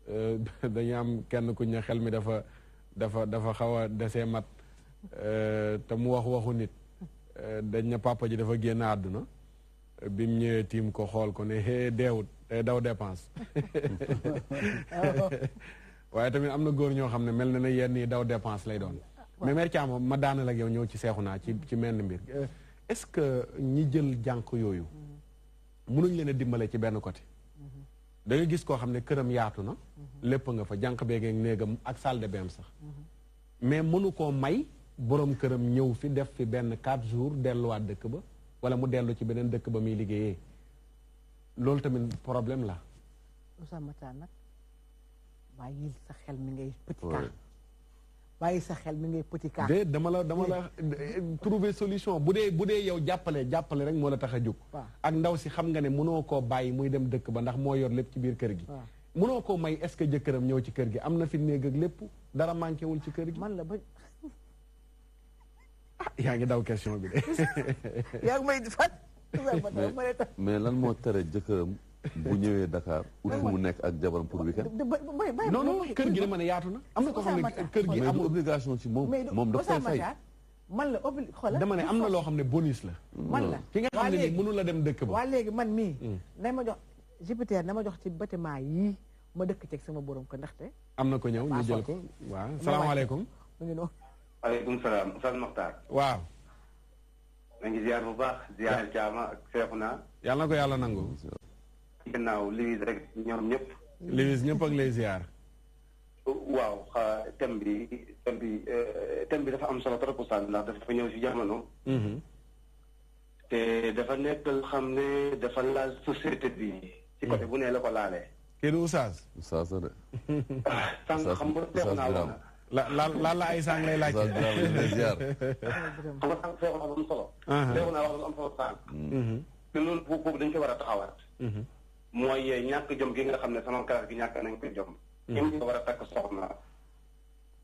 euh, (laughs) dañu am kenn ku ñu xel mi dafa dafa dafa xaw a desee mat euh, te mu wax waxu nit dañ ne papa dafa génn àdduna bi mu ñëwee tiim ko xool ko ne hee deewut day daw dépense (laughs) waaye tamit am na góor ñoo xam ne mel na ne yenn yi daw dépense lay doon mais mère Thiam ma daanal ak yow ñëw ci seexu naa ci ci menn mbir est-ce que ñi jël jànq yooyu mënuñ leen a dimbale ci benn côté da nga gis koo xam ne këram yaatu na lépp nga fa jànq beegee néegam ak salle de sax mais mënu koo may boroom këram ñëw fi def fi benn quatre jours delluwaat dëkk ba wala mu dellu ci beneen dëkk ba muy liggéeyee loolu tamit problème la Ousama Mataan nag bàyyil sa xel mi ngay petit temps waaye sax xel mi ngay petit cas. de dama la dama la eh, trouver solution bu dee bu dee yow jàppale jàppale rek moo la tax a jóg. ak ndaw si xam nga ne mënoo koo bàyyi muy dem dëkk ba ndax moo yor lépp ci biir kër gi. mënoo koo may est-ce que jëkkëram ñëw ci kër gi am na fi néeg ak lépp dara manqué wul ci kër gi. man la ba. (laughs) Ah, yaa ngi daw question bi de. (laughs) (laughs) yaa ngi may fat mais lan moo tere jëkkëram. bu ñëwee Dakar ut fu mu nekk ak jabaram pour week-end non non kër gi dama ne yaatu na am na ko xam ne kër gi amul obligation ci moom moom daf koy fay man la obli xoolal dama ne am na loo xam ne bonus la man la ki nga xam ne nii mënu dem dëkk ba waa léegi man mii hmm. na ma jox Jupiter na ma jox ci bâtiment yii ma dëkk ceeg sama borom ko ndaxte am na ko ñëw ñu jël ko waaw salaamaaleykum mu ngi noonu aleykum salaam Oustaz Makhtar waaw na ngi bu baax ziar jaama ak seexu naa yàlla na ko yàlla nangu ginnaaw Louis rek ñoom ñëpp. Louis ñëpp ak lay ziar. waaw thème bi thème bi euh, thème bi dafa am solo trop oustaz ndax dafa ñëw si mm-hmm. te dafa nekk loo xam bu ne la ko laalee. kenn oustaz. oustaz de. (laughs) sànq xam nga la. la la laal la ay sànq lay lay (laughs) xam boobu uh-huh. mm-hmm. dañ ko war a taxawaat. Mm-hmm. mooy ñàkk jom gi nga xam ne sama classe gi ñàkk nañ ko jom. ñoom hmm. ñoo war a takk soxna. en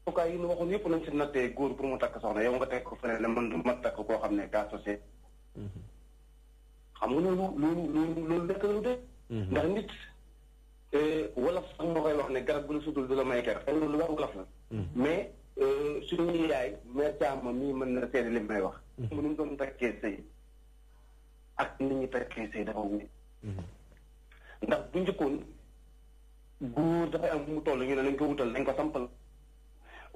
tout cas yi ñu waxoon yëpp nañ si nattee góor pour mu takk soxna yow nga teg ko feneen ne man du ma koo xam ne kaa sosé. Hmm. nga loolu loolu loolu loolu nekk lu de. ndax nit wolof koy wax ne garab bu la sutul du la may ker te loolu waxu wolof la. Hmm. mais euh, suñu yaay mère Thiam mii mën na seede li may wax. mu ni mu doon takkee sëy ak ni ñu takkee sëy dafa wuute. ndax bu njëkkoon góor dafay am mu toll ñu ne nañ ko wutal nañ ko sampal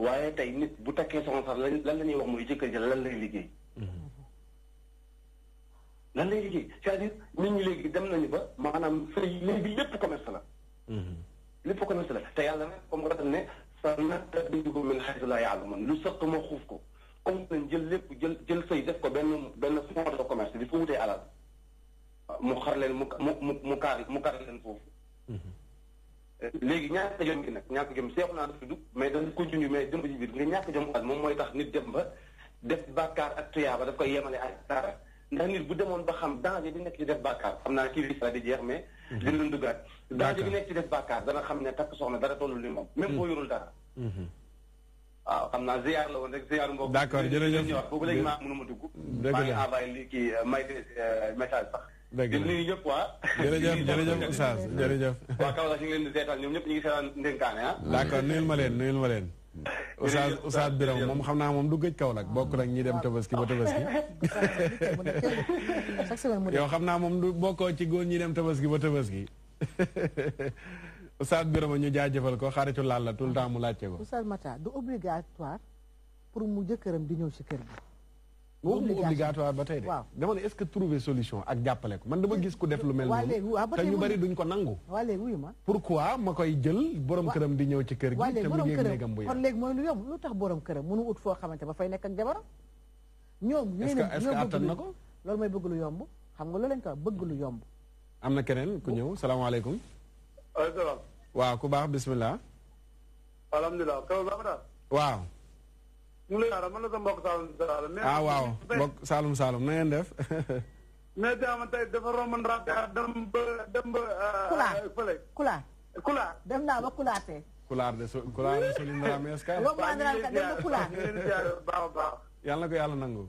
waaye tey nit bu takkee soxna sax lan lan la ñuy wax mooy jëkkër ji lan lay liggéey. lan lay liggéey c'est-à-dire nit ñi léegi dem nañu ba maanaam sëy léegi lépp commerce la. lépp commerce la te yàlla nag comme ratal ne sa natta bindigo min xaytu laa yaalaman lu sëq ma xuuf ko comme nañ jël lépp jël jël sëy def ko benn benn fond de commerce bi fu wutee alal. mu xar leen mu mu mu kaar mu kaar leen foofu. léegi ñàkk jom gi nag ñàkk jom seexu naa dafa mais dañu continue mais jëm ci biir nga ñàkk jom at moom mooy tax nit dem ba def bàkkaar ak tuyaaba daf koy yemale ak dara ndax nit bu demoon ba xam danger bi nekk ci def bàkkaar xam naa kii di jeex mais. Mhm. dina leen duggaat. danger nekk ci def bàkkaar dana xam ne takk soxna dara tollul ni moom. même boo mhm. yorul dara. Mhm. waaw xam naa ziar la woon rek ziar mbokk. d' accord jërëjëf boobu nu ma dugg. dëgg la maa ngi envoyé lii kii euh, may euh, message sax. dëgg la di ñëpp waa. jërëjëf jërëjëf Oustaz jërëjëf. waa Kaolack ñu ñu ngi seetaan ndénkaane ah. nuyul ma leen nuyul ma leen. Oustaz Oustaz Biram moom xam naa moom du gëj Kaolack bokk nag ñi dem tabaski ba tabaski. (laughs) yow xam naa moom du bokkoo ci góor ñi dem tabaski ba tabaski. (laughs) Oustaz Biram ñu jaajëfal ko xaritu laal la tout le temps mu laajte ko. Oustaz Mata du obligatoire pour mu jëkkëram di ñëw si kër gi. moom obligatoire ba tey de waaw dama ne est-ce que trouver solution ak jàppale ko man dama gis ku def lu mel noonu te bari duñ ko nangu waa léegi wuyu ma pourquoi ma koy jël boroom këram di ñëw ci kër gi te mu ngi néegam bu kon léegi mooy lu yomb lu tax borom këram mënu ut foo xamante ba fay nekk ak jabaram ñoom ñoo na ko loolu mooy bëgg lu yomb xam nga loolu lañ ko bëgg lu yomb am na keneen ku ñëw salaamaaleykum waaw ku baax bismillah alhamdulilah kaw baax daal waaw mu lay man la sa mbokk Saalum Saalum. ah waaw mbokk Saalum Saalum na ngeen def. (laughs) mais jaama tey dafa romb Ndara dem ba dem ba. Ah, ah, kulaar fële. Kulaar. Kulaar dem naa ba Kulaar tey. Kulaar de so Kulaar de Soli Ndara mais est-ce que. (laughs) dem ba Kulaar. baax a baax. yàlla na ko yàlla nangu.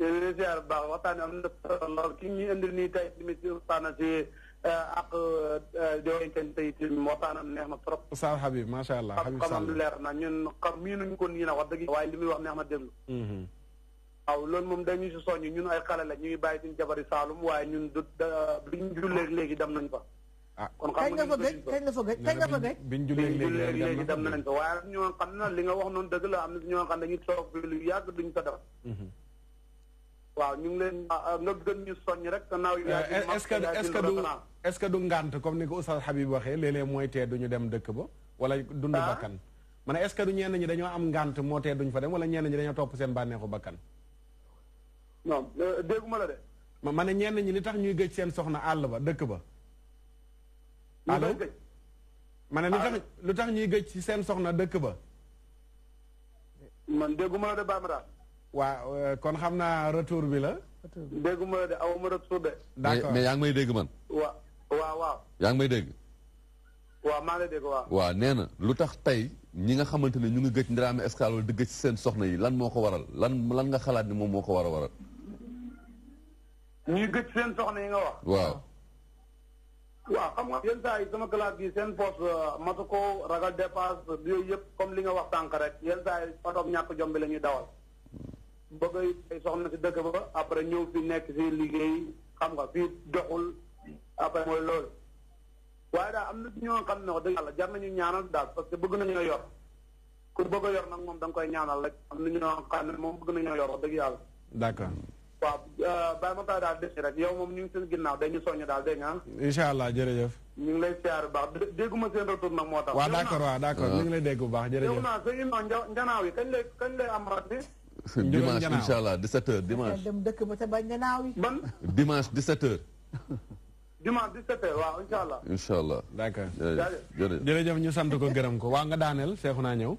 yéen a ngi ziar bu baax waxtaan am na solo lool ki ñu indi nii tey tamit waxtaan na si. Euh, ak euh, euh, jooyante tey waxtaanam neex ma trop. Oustaz Habib macha allah Habib Sall xam leer na ñun xam miinuñu ko nii na wax dëgg waaye li muy wax neex na déglu. Mhm. waaw loon moom dañuy si soññ ñun ay xale la ñuy bàyyi suñu jabari Saalum waaye ñun du biñ jullee léegi dem nañ fa. ah kon xam nga fa gëj kañ nga fa gëj kañ nga fa gëj. biñ jullee léegi dem nañ waaye ñoo xam na li nga wax noonu dëgg la am na ñoo xam dañuy toog lu yàgg duñ ko def. Mhm. waaw ñu ngi leen ah, ah, nga gën ñu soññ rek. naaw eh, yaa est ce que est ce que du est ce que du ngànt comme ni ko Oustaz Habib waxee léeg-léeg mooy tee duñu dem dëkk ba. wala dund ah. bakkan. ma ne est ce que du ñenn ñi dañoo am ngant moo tee duñ fa dem wala ñenn ñi dañoo topp seen bànneexu bakkan. non euh, dégguma la de. ma ma ne ñenn ñi li tax ñuy gëj seen soxna àll ba dëkk ba. allo ma ne lu tax lu tax ñuy gëj seen soxna dëkk ba. man dégguma la de Bamara. waa euh, kon xam naa retour bi la. dégguma la de aw ma retour de. d'accord mais yaa ngi may dégg man. waa waaw waaw. yaa ngi may dégg. waaw maa ngi lay dégg waaw. waaw nee na lu tax tey ñi nga xamante ne ñu ngi gëj Ndramé Escale wala di gëj seen soxna yi lan moo ko waral lan lan nga xalaat ni moom moo ko war a waral. ñuy gëj seen nga wax. waaw. waaw xam nga yenn saa yi sama classe bi seen poste euh, matu ko ragal dépasse yooyu yëpp comme li nga wax sànq rek yenn saa yi ñàkk jom lañuy dawal. bëgg a soxna si dëkk ba après ñëw fi nekk si liggéey xam nga fii doxul après mooy loolu waaye daal am na si ñoo xam ne wax dëgg yàlla jar nañu ñaanal daal parce que bëgg nañoo yor ku bëgg a yor nag moom da nga koy ñaanal rek am na ñoo xam ne moom bëgg nañoo yor wax dëgg yàlla d' accord waaw euh, bàyyi ma daal des rek yow moom ñu ngi seen ginnaaw dañu soññ daal dégg nga incha allah jërëjëf ñu ngi lay siyaar bu baax dégguma seen retour nag moo tax waaw d' accord waaw d' accord ñu ngi lay dégg bu baax jërëjëf yow naa sa inoo njanaaw yi kañ lay kañ lay amaat bi dimanche incha allah 17 dimanche. dem dëkk ba te bañ nganaaw yi. ban dimanche 17h. (laughs) dimanche 17h waaw incha allah. da allah d'accord jërëjëf jërëjëf ñu sant ko gërëm ko waa nga daaneel seexu naa ñëw.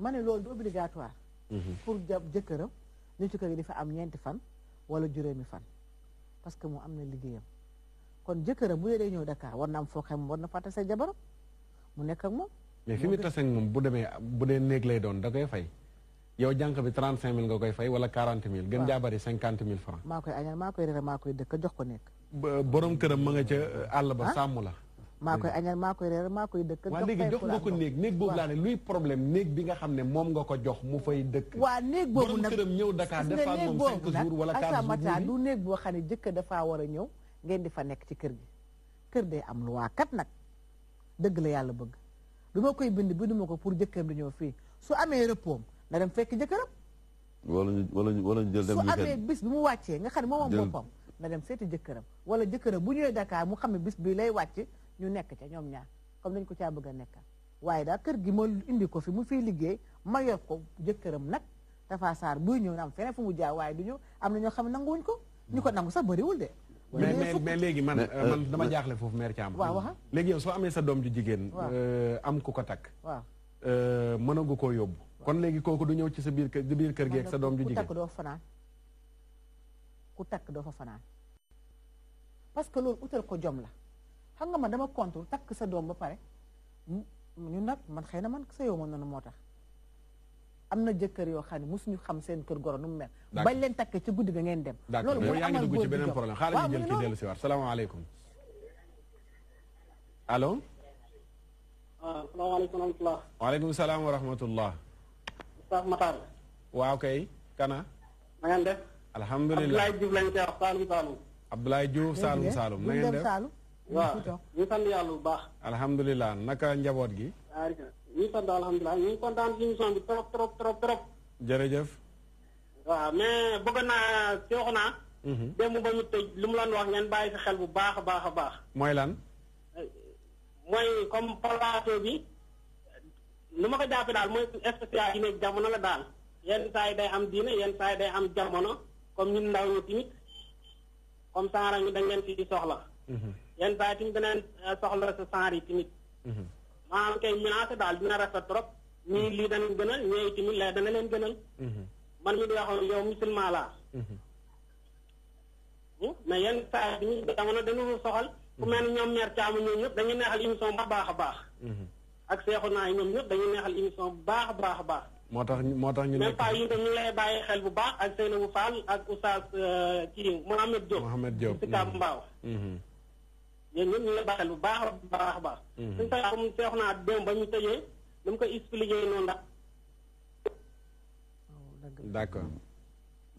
ma ne loolu du obligatoire. Mhm. pour ja jëkkëram ni ci kër di dafa am ñeenti fan wala mi fan parce que mu am na liggéeyam kon jëkkëram bu dee ñëw Dakar war na am foo xam war na fàtte sa jabaram mu nekk moom. mais fi mu tase ak moom bu demee bu dee néeg lay doon da koy fay. yow jànq bi trente cinq mille nga koy fay wala quarante mille gën jaa bari cinquante mille franc maa koy añal maa koy reer maa koy dëkk jox ko nekk borom këram ma nga ca uh, àll ba ah? sàmm la maa koy añal maa koy reer maa koy dëkk waaw léegi jox nga ko néeg néeg boobu laa ne luy problème néeg bi nga xam ne moom nga ko jox mu fay dëkk waa néeg boobu nag borom këram ñëw Dakar dafa moom cinq jours wala quatre jours du néeg boo xam ne jëkk dafaa war a ñëw ngeen di fa nekk ci kër gi kër day am lu waa kat nag dëgg la yàlla bëgg du ma koy bind nu ma ko pour jëkkëram di ñëw fii su amee repos na dem fekk jëkkëram. wala ñu wala ñu wala ñu jël dem. su amee bis bi mu wàccee nga xam ne moom boppam. na dem seeti jëkkëram wala jëkkëram bu ñëwee Dakar mu xam ne bis bi lay wàcc ñu nekk ca ñoom ñaar comme dañ ko caa bëgg a nekkal waaye daal kër gi ma indi ko fi mu fi liggéey ma yor ko jëkkëram nag dafa saar buy ñëw na am feneen fu mu jaa waaye du ñu am na ñoo xam ne nanguwuñ ko ñu ko nangu sax bëriwul de mais mais léegi man euh, euh, dama jaaxle foofu mère Thiam waaw wax léegi yow soo amee sa doom ju jigéen euh, am ku ko takk waaw mënagu koo yóbbu kon legi koku du ñew ci sa biir kër biir kër gi ak sa doom ju jigéen ku takk doo fanan ku tak do fa fanan parce que lool utal ko jom la xam nga man dama contre tak sa doom ba pare ñu nak man xeyna man sa yow ma noonu motax amna jëkkeer yo xani musu ñu xam seen kër goro nu mu mel bañ leen takk ci guddi ga ngeen dem lool mooy yaangi dugg ci benen problème xala ñu jël ci delu ci war waat alaykum allo ah, salaamaaleykum wa rahmatullah waaleykum salaam wa rahmatullah Pape Matar. waaw kay. Kana. na ngeen def. alhamdulilah Abdoulaye Diouf lañ koy wax Saalum Saalum. Abdoulaye iya, Diouf Saalum iya. Saalum na ngeen iya, def waaw ñu sant yàlla bu baax. alhamdulilah naka njaboot gi. ñu sant alhamdulilah ñu kontaan ci émission bi trop trop trop trop. jërëjëf. waaw mais bëgg naa seexu naa. Mhm. démb ba ñu tëj mu wax ngeen bàyyi xel bu baax a baax a baax. mooy lan. mooy comme bi. lu ma ko jàppe daal mooy spécial yi jamono la daal yenn saa yi day am diine yenn saa yi day am jamono comme ñun ndaw ñu tamit comme saara ñu dañ leen fi di soxla mhm. yenn saa yi tamit euh, soxla sa saar yi tamit mhm. maanaam kay menacé daal dina rafet trop ñii mhm. lii dañu gënal ñooy tamit lee dana leen gënal man mi di waxoon yow musulman laa hmm? mais yenn saa yi tamit jamono soxal ku mel ni ñoom meer caamu ñoom ñëpp dañu neexal émission ba baax a baax ak Seexuna yi ñoom ñëpp dañuy neexal émission bu baax a baax a baax. moo tax moo tax ñu. ne même ñu ngi lay bàyyi bu baax ak Seynabou Fall ak Oustaz euh, kii Mohamed Diop. Mohamed Diop Mbaaw. Mm-hmm. yéen bu baax a baax a baax. Mm-hmm. suñu saa comme Seexuna dem ba ñu tëjee ni mu ko expliqué noonu ndax. d' accord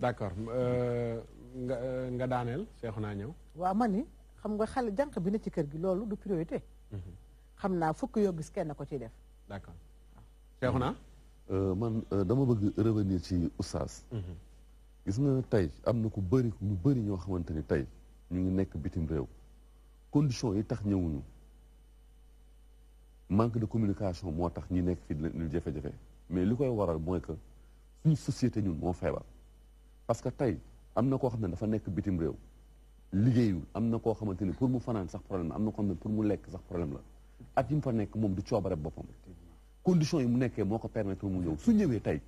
d' accord euh, nga euh, nga daaneel Seexuna ñëw. waaw man ni xam nga xale janq bi ne ci kër gi loolu du priorité. Mm-hmm. xam naa fukk yoo gis kenn ko ciy def. d'accord Cheikhouna. Euh, man euh, dama bëgg revenir ci oustaz. Mhm. gis nga tey am na ko bëri ñu bëri ñoo xamante ni tey ñu ngi nekk bitim réew. conditions yi tax ñëwuñu manque de communication moo tax ñi nekk fii di jafe-jafe mais li koy waral mooy que suñu société ñun moo feebar. parce que tey am na koo xam ne dafa nekk bitim réew liggéeyul am na koo xamante ni pour mu fanaan sax problème la am na koo xam ne pour mu lekk sax problème la. at yi mu fa nekk moom du coobare boppam condition yi mu nekkee moo ko permettre mu ñëw su ñëwee tey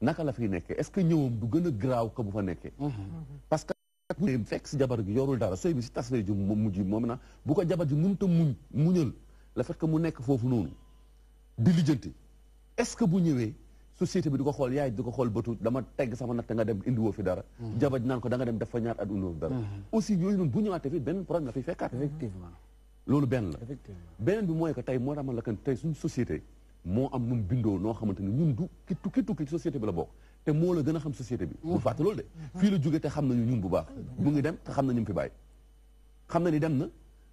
naka la fiy nekkee est que ñëwam du gën a graaw ka bu fa nekkee parce que bu fekk si jabar gi yorul dara sooy bi si tas lay jëm moom mujj moom na bu ko jabar ji mënut a muñ muñal le fait mu nekk foofu noonu di lijjanti est que bu ñëwee société bi di ko xool yaay di ko xool bëtu dama tegg sama natt nga dem indiwoo fi dara mm-hmm. jabar naan ko da dem def fa loolu benn la beneen bi mooy que tey moo tax la kan tey suñu société moo am nu mu bindoo noo xamante ni ñun du ki tukki tukki ci société bi la bokk te moo la gën a xam société bi bu fàtte loolu de fii la jóge te xam nañu ñun bu baax mu ngi dem te xam na ñu fi bàyyi xam na ni dem na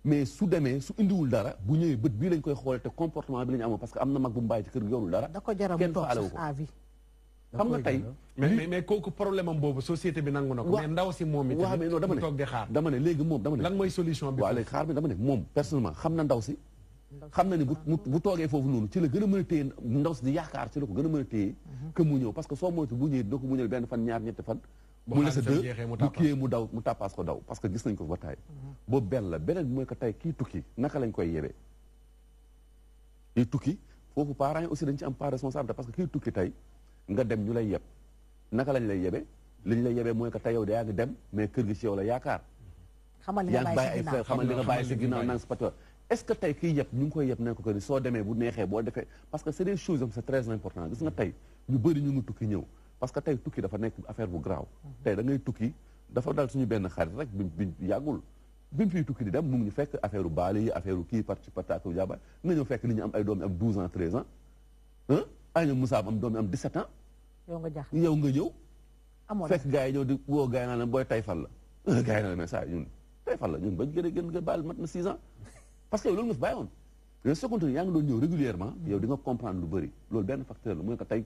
mais su demee su indiwul dara bu ñëwee bët bii lañ koy xoole te comportement bi la ñu amoon parce que am na mag bu mu bàyyi ci kër gi yorul dara kenn toxaalewu ko xam nga tey mais mais kooku problème am boobu société bi nangu na ko mais ndaw si moom itam waaw ne léegi moom dama ne lan mooy solution bi bu toogee foofu noonu ci la gën a mën a ndaw si yaakaar ci la ko gën a mën a téye mhm. mu ñëw parce que soo moytu bu ñëwee dina ko muñal benn fan ñaar ñetti fan mu lese deux bu kiyee mu daw mu tàppaas ko daw parce que gis nañ ko ba taay mhm. boobu benn la beneen mooy ko tey kii tukki naka lañ koy yebee kii tukki foofu parents nga dem ñu lay yeb naka lañ lay yebé li lay yebé moy que tayow yow de yaa ngi dem mais kër gi ci yow la yaakar xamal li nga bàyyi si ginnaaw xamal li nga bàyyi si ginnaaw naan spatuwa est ce que tay ki yeb ñu ngi koy yeb ne ko que ni soo demee bu nexé bo défé parce que c'est des choses c'est très important gis nga tay ñu bari ñu ngi tukki ñëw parce que tay tukki dafa nek affaire bu graaw mhm. tay da ngay tukki dafa dal suñu benn xarit rek bi yagul yàggul fi tukki di dem mu ngi fekk affaire bu yi affaire ki parti parti ak jaaba nga ñëw fekk ni ñu am ay doom am 12 ans 13 ans hein ay ñoom Moussa am doom am nga jaaxle yow nga ñëw. amoon fekk gars ñëw di woo gars yi la. (laughs) gars yi naan mais ñun tayfal la ñun bañ gën a gën nga baal mat na 6 ans. (laughs) parce que loolu nga fi bàyyi woon. mais su yaa ngi doon ñëw régulièrement yow di nga comprendre lu bëri loolu benn facteur la mu ne ko tey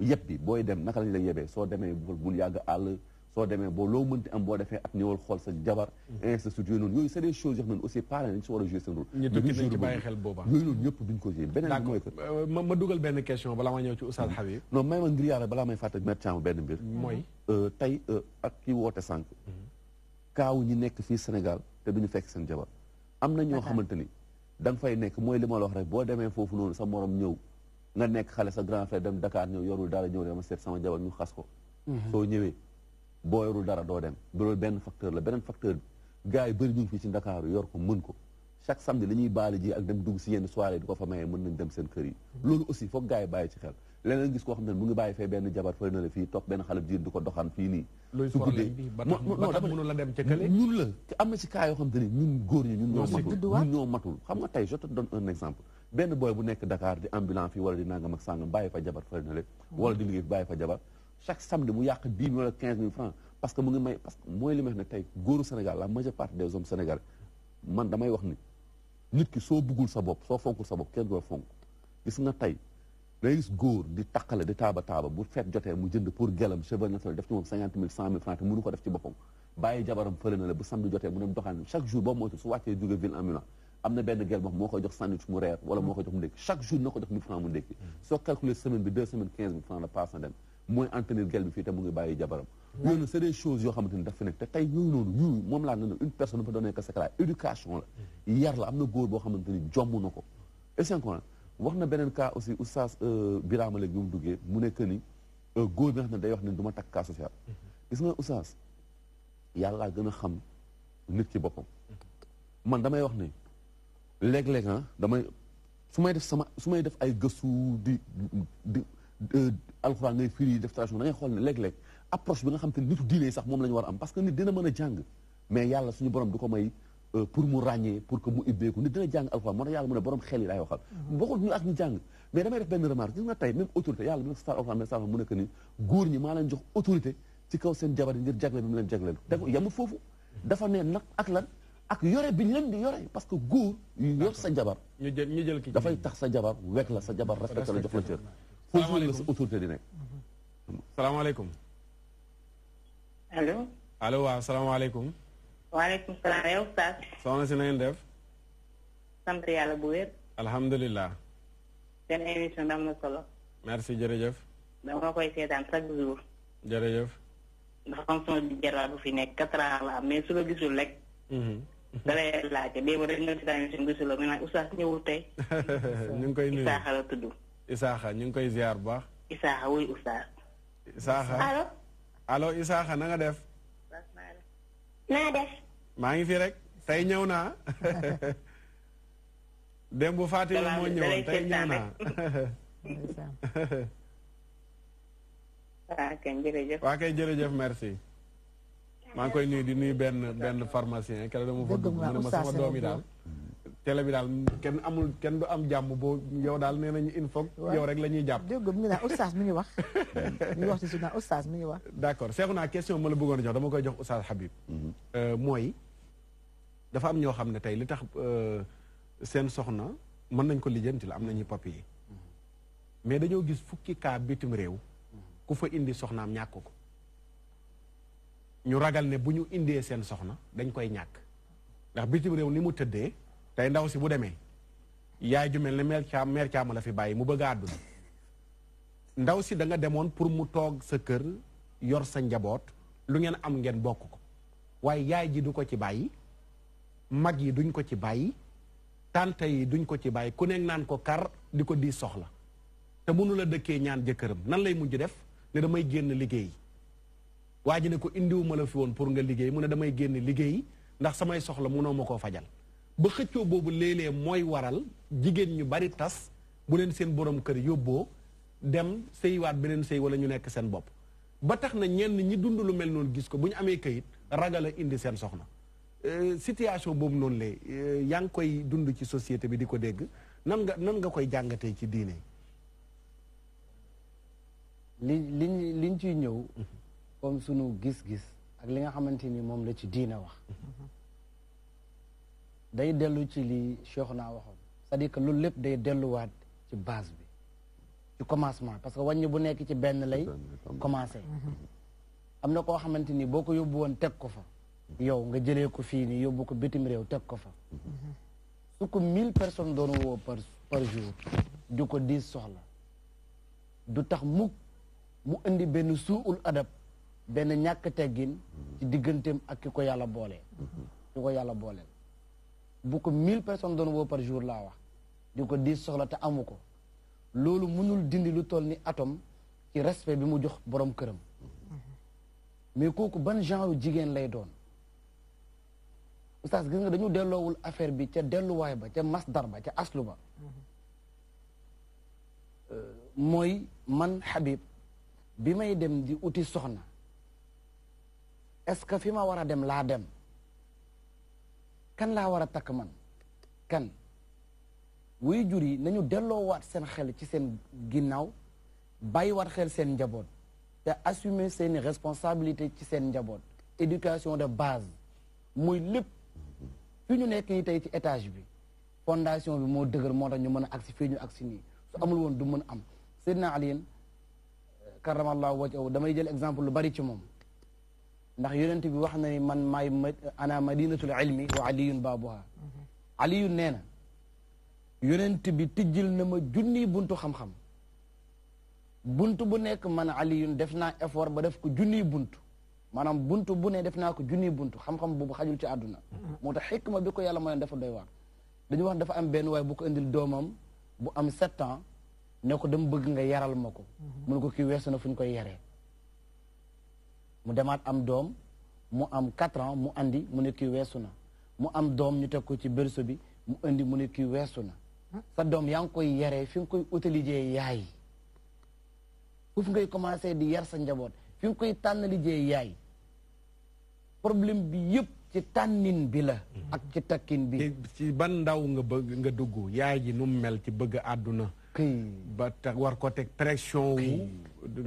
yeb booy dem naka lañ lay yebee soo demee bul yàgg àll soo demee boo loo mënti am boo defee at ñëwal xool sa jabar ainsi de suite yooyu a jouer seen rôle xel boobaa yooyu noonu ñëpp duñ ko jouer beneen euh, benn question balaa ma ñëw ci Oustaz Habib ah. non may euh, tey euh, ak kii woote sànq mm-hmm. kaaw ñi nekk fii Sénégal te duñu fekk seen jabar am na ñoo xamante ni da nga fay nekk mooy li ma la wax rek boo demee foofu noonu sa morom ñëw nga nekk xale sa grand frère dem Dakar ñëw yorul daal ñëw dama seet sama jabar ñu xas ko mm-hmm. soo ñëwee boo yorul dara doo dem loolu benn facteur la beneen facteur bi gars yi bëri ñu fii ci Ndakaaru yor ko mën ko chaque samedi la ñuy baale ji ak dem dugg si yenn soirée di ko fa mayee mën nañ dem seen kër yi loolu aussi foog gars yi bàyyi ci xel leneen gis koo xam ne mu ngi bàyyi fee benn jabar fële na la fii topp benn xale jiir di ko doxaan fii nii su guddee mënu la dem ca kële ñun la am na ci cas yoo xam te ne ñun góor ñi ñun ñoo matul xam nga tey je te donne un exemple benn booy bu nekk Dakar di ambulant wala di na le wala di liggéey fi bàyyi fa jabar chaque samedi mu yàq 10 wala 15 mille francs parce que mu ngi may parce que mooy li may wax tey góoru Sénégal la majeure partie des hommes sénégalais man damay wax ni nit ki soo buggul sa bopp soo fonkul sa bopp kenn du fonk gis nga tey day gis góor di takkale di taaba taaba bu feet jotee mu jënd pour gelam cheveux naturel def ci moom 50 mille francs te mënu ko def ci boppam bàyyi jabaram fële na la bu samedi jotee mu dem doxaan chaque mooy entretenir gel bi fii te mu ngi bàyyi jabaram yooyu nag c'est des choses yoo xamante ni dafa nekk te tey yooyu noonu yooyu moom laa ne une personne dafa doonee que c'est la éducation la mm-hmm. yar la am na góor boo xamante ni jomm na ko est-ce que wax na beneen cas aussi oustaz euh, Birama léegi bi mu duggee mu nekk ni euh, góor bi nga xam ne day wax ne du ma takk cas social mm-hmm. gis nga oustaz yàllaa gën a xam nit ci boppam mm-hmm. man damay wax ne léeg-léeg ah damay su may def sama su may def ay gëstu di Euh, alxuraan ngay firi def traduction da xool ne léeg-léeg approche bi nga xam te nitu diine sax moom la ñu war am parce que nit dina mën a jàng mais yàlla suñu borom du ko may euh, pour mu ràññee pour que mu ibbeeku nit dina jàng alxuraan moo tax yàlla mu ne borom xel yi maa leen jox autorité ci kaw seen jabar yi ngir jagle bi mu leen mhm. yamut foofu dafa ne nag ak lan ak yore bi ñu leen di yore parce que góor yor sa jabar ñu jël dafay tax sa jabar wekk la sa jabar Assalamualaikum. Halo. Halo assalamualaikum. Waalaikumsalam nekk salaamaaleykum allo allo Dev. Sampai waaleykum bu merci jërëjëf dama koy seetaan chaque jour jërëjëf ndax xam sama di jarwaa bu fi nekk quatre ans la am mais su la gisul rek da lay Isaaxa ñu ngi koy ziar bu baax. Isaaxa wuy Oustaz. Isaaxa allo. allo Isaaxa na nga def. naa def. maa ngi fi rek tey ñëw naa. (laughs) démb Fatima moo ñëwoon tey ñëw naa. (laughs) (laughs) waa kay jërëjëf. waa merci. maa ngi koy nuyu di nuyu benn benn pharmacien keroog dama. dëgg la ma sama doom yi daal. télé bi daal kenn amul kenn du am jàmm boo yow daal nee nañu in foog yow rek la ñuy jàpp dégg nga mi ngi naan oustaz mi ngi wax mi wax ci suñu mi ngi wax d' accord seexu naa question ma la bëggoon a jox dama koy jox oustaz Habib mhm. euh, mooy dafa am ñoo xam ne tey li tax euh, seen soxna mën nañ ko lijjanti la am nañuy yi mhm. mais dañoo gis fukki kaa bitim réew mhm. ku fa indi soxnaam ñàkk ko ñu ragal ne bu ñu indee seen soxna dañ koy ñàkk ndax bitim réew ni mu tëddee tay ndaw si bu démé yaay ju mel cham meer mer meer caama la fi bayyi mu bëgg a ndaw si da nga demoon pour mu tok sa kër yor sa njabot lu ngeen am ngeen bokku ko waaye yaay ji du ko ci bayyi mag yi duñ ko ci bayyi tante yi duñ ko ci bayyi ku nekk naan ko kar di di soxla te mënu la ñaan nan lay mujj def ne damay genn liggéey waji ne ko indiwuma la fi won pour nga liggéey mu ne damay sohla liggéey ndax samay soxla fajal ba xëccoo boobu léeg-léeg mooy waral jigéen ñu bari tas bu leen seen borom kër yóbboo dem sëywaat beneen sëy wala ñu nekk seen bopp ba tax na ñenn ñi dund lu mel noonu gis ko bu ñu amee kayit ragal a indi seen soxna euh, situation boobu noonu la euh, yaa ngi koy dund ci société bi di ko dégg nan nga nan nga koy jàngatee ci diine li liñ liñ ciy ñëw comme sunu gis-gis ak li nga xamante ni moom la ci diine wax mm-hmm. day dellu ci lii Cheikh naa waxoon cest à que loolu lépp day delluwaat ci base bi ci commencement parce que wàññi bu nekk ci benn lay commencé am na koo xamante ni boo ko yóbbu woon teg ko fa yow nga jëlee ko fii nii yóbbu ko bitim réew teg ko fa su ko mille personnes doon woo par par jour du ko diis soxla du tax mukk mu indi benn suul adab benn ñàkk teggin ci digganteem ak ki ko yàlla boole ki ko yàlla boole bu ko mille personnes doon woo par jour laa wax di ko di soxla te amu ko loolu mënul dindi lu toll ni atome ci respect bi mu jox boroom këram mais kooku ban genre jigéen lay doon oustaz gis nga dañu delloowul affaire bi ca delluwaay ba ca masdar ba ca aslu ba euh, mooy man Habib bi may dem di uti soxna est-ce que fi ma war a dem laa dem kan laa war a takk man kan wuy jur yi nañu delloowaat seen xel ci seen ginnaaw bàyyiwaat xel seen njaboot te assumer seeni responsabilité ci seen njaboot éducation de base muy lépp fi ñu nekk nii tey ci étage bi fondation bi moo dëgër moo tax ñu mën a agsi fii ñu agsi su amul woon du mën am Seydina Aliyin karamallahu wajhahu damay jël exemple lu bari ci moom ndax yonent bi wax na ni man may ana madinatul ilmi wa aliyun babuha aliyun neena na yonent bi tijjil na ma junni buntu xam-xam buntu bu nek man aliyun def naa effort ba def ko junni buntu manam buntu bu ne def naa ko junni buntu xam-xam bu xajul ci aduna motax hikma bi ko yàlla mayoon def doy war dañu wax dafa am ben way bu ko andil domam bu am 7 ans ne ko dem beug nga yaral mako mun ko ki weesu na fu koy yaree mu demaat am doom mu am 4 ans mu indi mu ne weesu na mu am doom ñu teg ko ci berceau bi mu indi mu ne weesu na sa doom yaa ngi koy yaree fi nga koy utilisé yaay foofu ngay commencé di yar sa njaboot fi nga koy tànn liggéey yaay problème bi yëpp ci tànnin bi la ak ci takkin bi ci ban ndaw nga bëgg nga dugg yaay ji nu mel ci bëgg àdduna ba tax war ko teg pression wu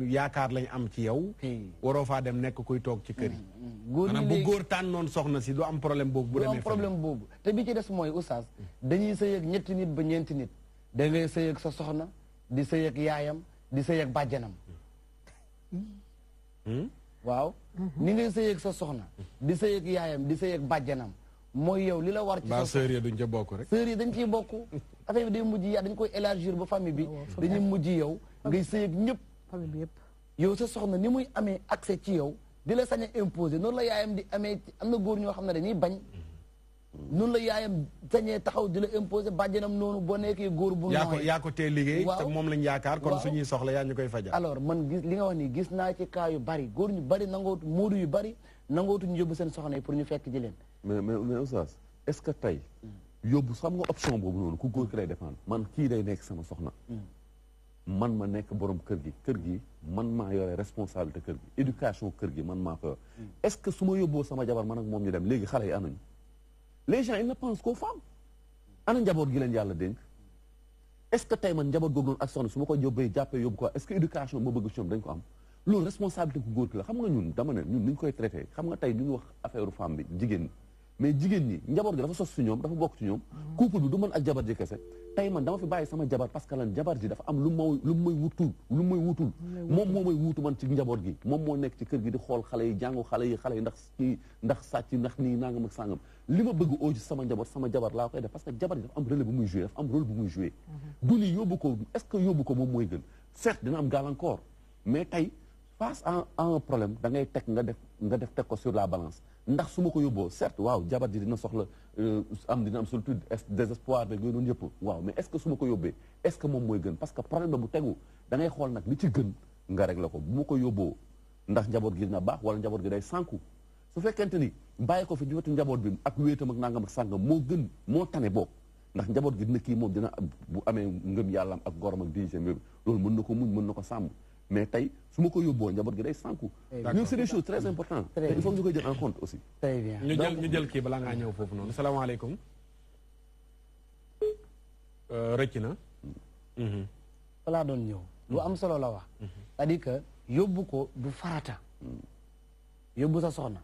yaakaar lañ am ci yow waroo faa dem nekk kuy toog ci kër yi mm, mm, maanaam bu góor tànnoon soxna si du am problème boobu bu demee problème boobu te bi ci des mooy oustaz dañuy sëy ak ñetti nit ba ñeenti nit da ngay sëy ak sa soxna di sëy ak yaayam di sëy ak bàjjanam hmm? Hmm? waaw ni ngay sëy ak sa soxna di sëy ak yaayam di sëy ak bàjjanam mooy yow li la war ci sa sœur yi duñ ca bokk rek sœur yi dañ ciy bokk (laughs) affaire bi day mujj yaa dañ koy élargir ba famille bi ah dañuy mujj yow ngay sëy ak ñëpp famille bi yëpp yow sa soxna ni muy amee accès ci yow di la sañ a imposer noonu la yaayam di amee am na góor ñoo xam ne dañuy bañ mm-hmm. noonu la yaayam sañee taxaw di la imposer bàjjanam noonu boo nekkee góor bu nooy yaa ko tee liggéey te moom lañ yaakaar kon suñuy soxla yaa ñu koy fajal alors man gis li nga wax nii gis naa ci cas yu bari góor ñu bari nangootu móodu yu bari nangootu ñu yóbbu seen soxna pour ñu fekk ji leen mais mais mais oustaz que tey mm. yóbbu xam nga option boobu noonu ku góor ki lay défendre man kii day nekk sama soxna mm. man ma nekk borom kër gi kër gi man maa yore responsabilité kër gi éducation kër gi man maa ko yor mm. est-ce que su ma yóbboo sama jabar man ak moom ñu dem léegi xale yi anañ les gens ils ne pensent qu'aux femmes ana njaboot gi leen yàlla dénk est-ce que tey man ko yóbbee jàppee yóbbu ko est-ce que éducation ma bëgg ci ñoom dañ ko am loolu responsabilité ku góor ki la xam nga ñun dama ne ñun ni ñu koy traité xam nga tey ñu wax affaire femme bi jigéen mais jigéen ñi njaboot gi dafa sos si ñoom dafa bokk ci ñoom mm-hmm. couple bi du mën ak jabar ji kese tey man dama fi bàyyi sama jabar parce que lan jabar ji dafa am lu ma wutul moom may wutul moom moo may wuutu man ci njaboot gi moom moo nekk ci kër gi di xool xale yi jàngu xale yi xale yi ndax kii ndax sàcc ndax nii nangam ak sàngam li ma bëgg ooji sama njaboot sama jabar laa koy def parce que jabar ji dafa am relais bu muy joué mm-hmm. du ni yóbbu ko est que yóbbu ko moom mooy gën certes dina am gàllankoor mais tey face à problème da ngay teg nga def nga def teg ko sur la balance ndax su ma ko yóbboo certes waaw jabar ji dina soxla euh, am dina am solitude est désespoir de yooyu noonu yëpp waaw mais est-ce su ma ko yóbbee est-ce que moom mooy gën parce que problème bu tegu da xool nag li ci gën nga régler ko bu ma ko yóbboo ndax njaboot gi dina baax wala njaboot gi day sànku su fekkente ni bàyyi ko fi jiwatu njaboot bi ak wéetam ak nangam ak sàngam moo gën moo tane boo ndax njaboot gi dina kii moom dina bu amee ngëm yàllam ak gorom ak dignité loolu mën na ko muñ mën na ko sàmm mais tey su ma ko yóbboo njaboot gi day sànku. ñoom c'est des choses très importantes. très en compte aussi. très bien ñu jël jël kii balaa nga ñëw foofu noonu salaamaaleykum. Euh, rëcc na. balaa mhm. doon ñëw. lu am solo la wax. Mhm. cest à yóbbu ko du farata. Mhm. yóbbu sa soxna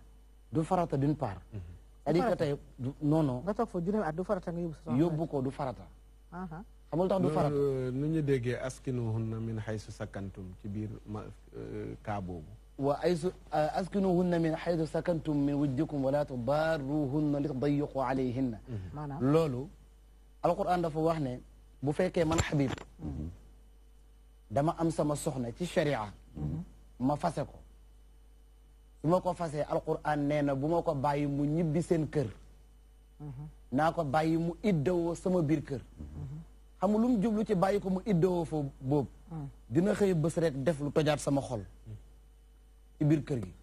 du farata d'une part. c'est-à-dire que tey non at ah, du farata nga yóbbu sa yóbbu ko du farata. xamul tax du farat nu ñu déggee askinuhunna min xaysu sakantum ci biir ma kaa boobu wa aysu askinuhunna min xaysu sakantum min wujdikum wala tubaruhunna li tadayiqu alayhinna loolu alquran dafa wax ne bu fekkee man xabib dama am sama soxna ci sharia ma fase ko su ma ko fasee alquran nee na bu ma ko bàyyi mu ñibbi seen kër naa ko bàyyi mu iddawoo sama biir kër xamul lu jublu ci bàyyi ko mu iddoo fa boobu hmm. dina xëy bés def lu tojaat sama xol hmm. ci kër gi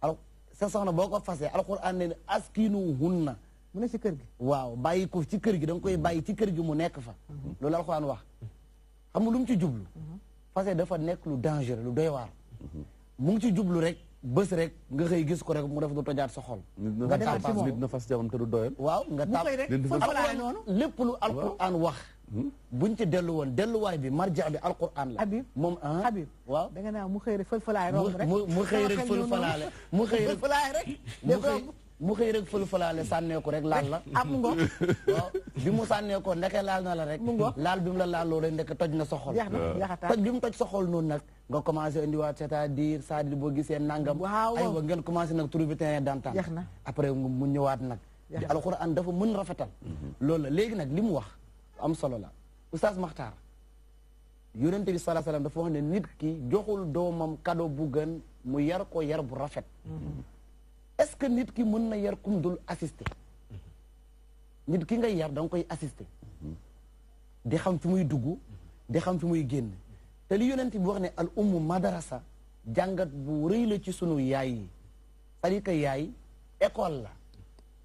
al sa soxna boo ko fase alxuraan ne askinu hunna mu ne ci kër gi waaw bàyyi ko ci kër gi da nga koy hmm. bàyyi ci kër gi mu nekk fa loolu alxuraan wax xamul lu ci jublu fase dafa nekk lu dangereux lu doy waar mu ci jublu rek bës rek nga xëy gis ko rek mu def du tojaat sa xol. nga defaat ci moom nit na fas jamono te du doyal. waaw nga taab lépp lu alquran wax. Hmm? buñ ci dellu woon delluwaay bi marja bi alquran la. Habib moom ah Habib. waaw da nga naan mu xëy rek fël fëlaay romb rek. mu mu xëy rek fël fëlaale rek. mu xëy rek fël fëlaale sànneeku rek laal la am ah, ngo waaw bi mu sànneekoo ndeke laal na la rek laal bi mu la laal loolu ndeke toj na soxol toj bi mu toj soxol noonu nag nga commencé indiwaat c'est-à-dire c'est-à-dire boo gisee nangam aywa ngeen commencé nag trouver terrain d'entente après mu ñëwaat nag alxuraan dafa mën rafetal mm-hmm. loolu la léegi nag li mu wax am solo la oustaz Makhtar yonente bi salaa salaam dafa wax ne nit ki joxul doomam cadeau bu gën mu yar ko yar bu rafet mm-hmm. est-ce que nit ki mën na yar kum dul assister nit ki ngay yar danga koy assister di xam fi muy dugg di xam fi muy génn te li yonent bi wax ne al ummu madarasa jàngat bu rëy la ci sunu yaay yi cest yaay école la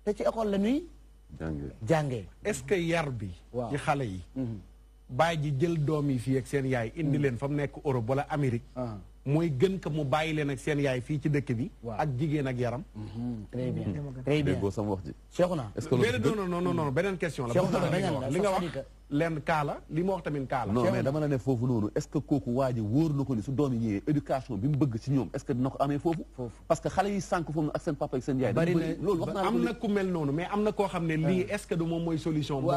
te ci école la ñuy jàngee est-ce que yar bi ci xale yi mhm. bàyyi ji jël doom yi fii ak seen yaay indi mhm. leen fa mu nekk Europe wala Amérique ah. mooy gën ka mu bàyyi leen ak seen yaay fii ci dëkk bi. ak jigéen ak yaram. Mm-hmm. très bien mm-hmm. très bien déggoo sama wax ji. Cheikh na est-ce que non non non non beneen question la. li nga wax leen kaala li ma wax tamit kaala. non mais dama la foofu noonu est que kooku waa ji wóor na ko ni su doom yi ñëwee éducation bi mu ci ñoom est que dina ko amee foofu. parce que xale yi foofu ak papa ak seen yaay. bari na loolu wax naa am na ku mel noonu mais am na koo xam ne lii ah. est-ce que du moom mooy solution. moo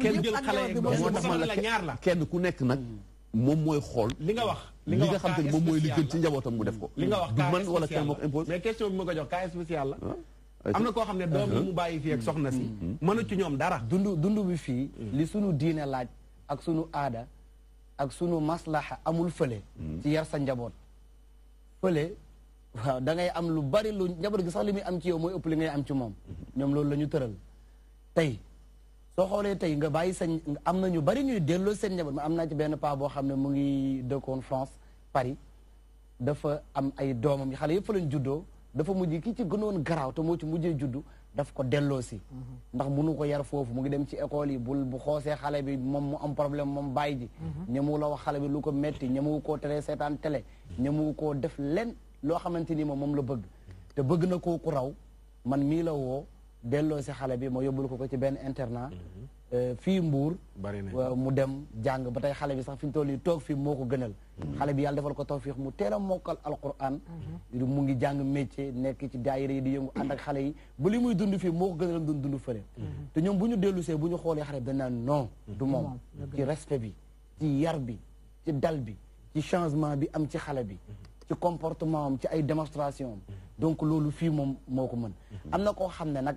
tax ma la ñaar la ku nekk nag hmm. moom mooy xool li nga wax li nga xam te ne moom mooy li gën ci njabootam mu def ko. li nga wax du man wala kenn moo ko imposé mais question bi ma jox cas spécial la. Ah. am na koo xam ne doom bi mu bàyyi fii ak uh-huh. soxna si. Mm-hmm. mënu ci ñoom dara. dundu dundu bi fii. Mm-hmm. li sunu diine laaj ak sunu aada ak sunu maslaxa amul fële. Mm-hmm. ci yar sa njaboot. fële waaw da am lu bari lu njaboot gi sax li muy am ci yow mooy ëpp li ngay am ci moom. ñoom loolu la ñu tëral tey. soo xoolee tey nga bàyyi sañ am na ñu bari ñuy delloo seen njaboot ma am naa ci benn paa boo xam ne mu ngi dëkkoon France Paris dafa am ay doomam yi xale yëpp fa lañ juddoo dafa mujj ki ci gënoon garaaw te moo ci mujjee juddu daf ko delloo si mhm. ndax munu ko yar foofu mu ngi dem ci école yi bul bu xoosee xale bi moom mu am problème moom bàyyi ji mhm. ñemewu la wax xale bi lu ko metti ñemewu koo télé seetaan télé ñemewu koo def leen loo xamante ni moom moom la bëgg te bëgg na kooku raw man mii la woo delloo si xale bi moo yóbbul ko ko ci benn internat mhm. euh, fii Mbuur mu dem jàng ba tey xale bi sax fi ñu toll nii toog fii moo ko gënal mhm. xale bi yàlla defal ko tawfiix mu teel a mokkal alquran mhm. mu ngi jàng métier nekk ci daayira yi di yëngu ànd ak xale yi ba li muy dund fii moo ko gënal doon dund fële te ñoom bu ñu dellu see bu ñu xoolee xale bi dañ naan non du moom ci respect bi ci yar bi ci dal bi ci changement bi am ci xale bi ci comportement am ci ay démonstration am donc loolu fii moom moo ko mën am xam ne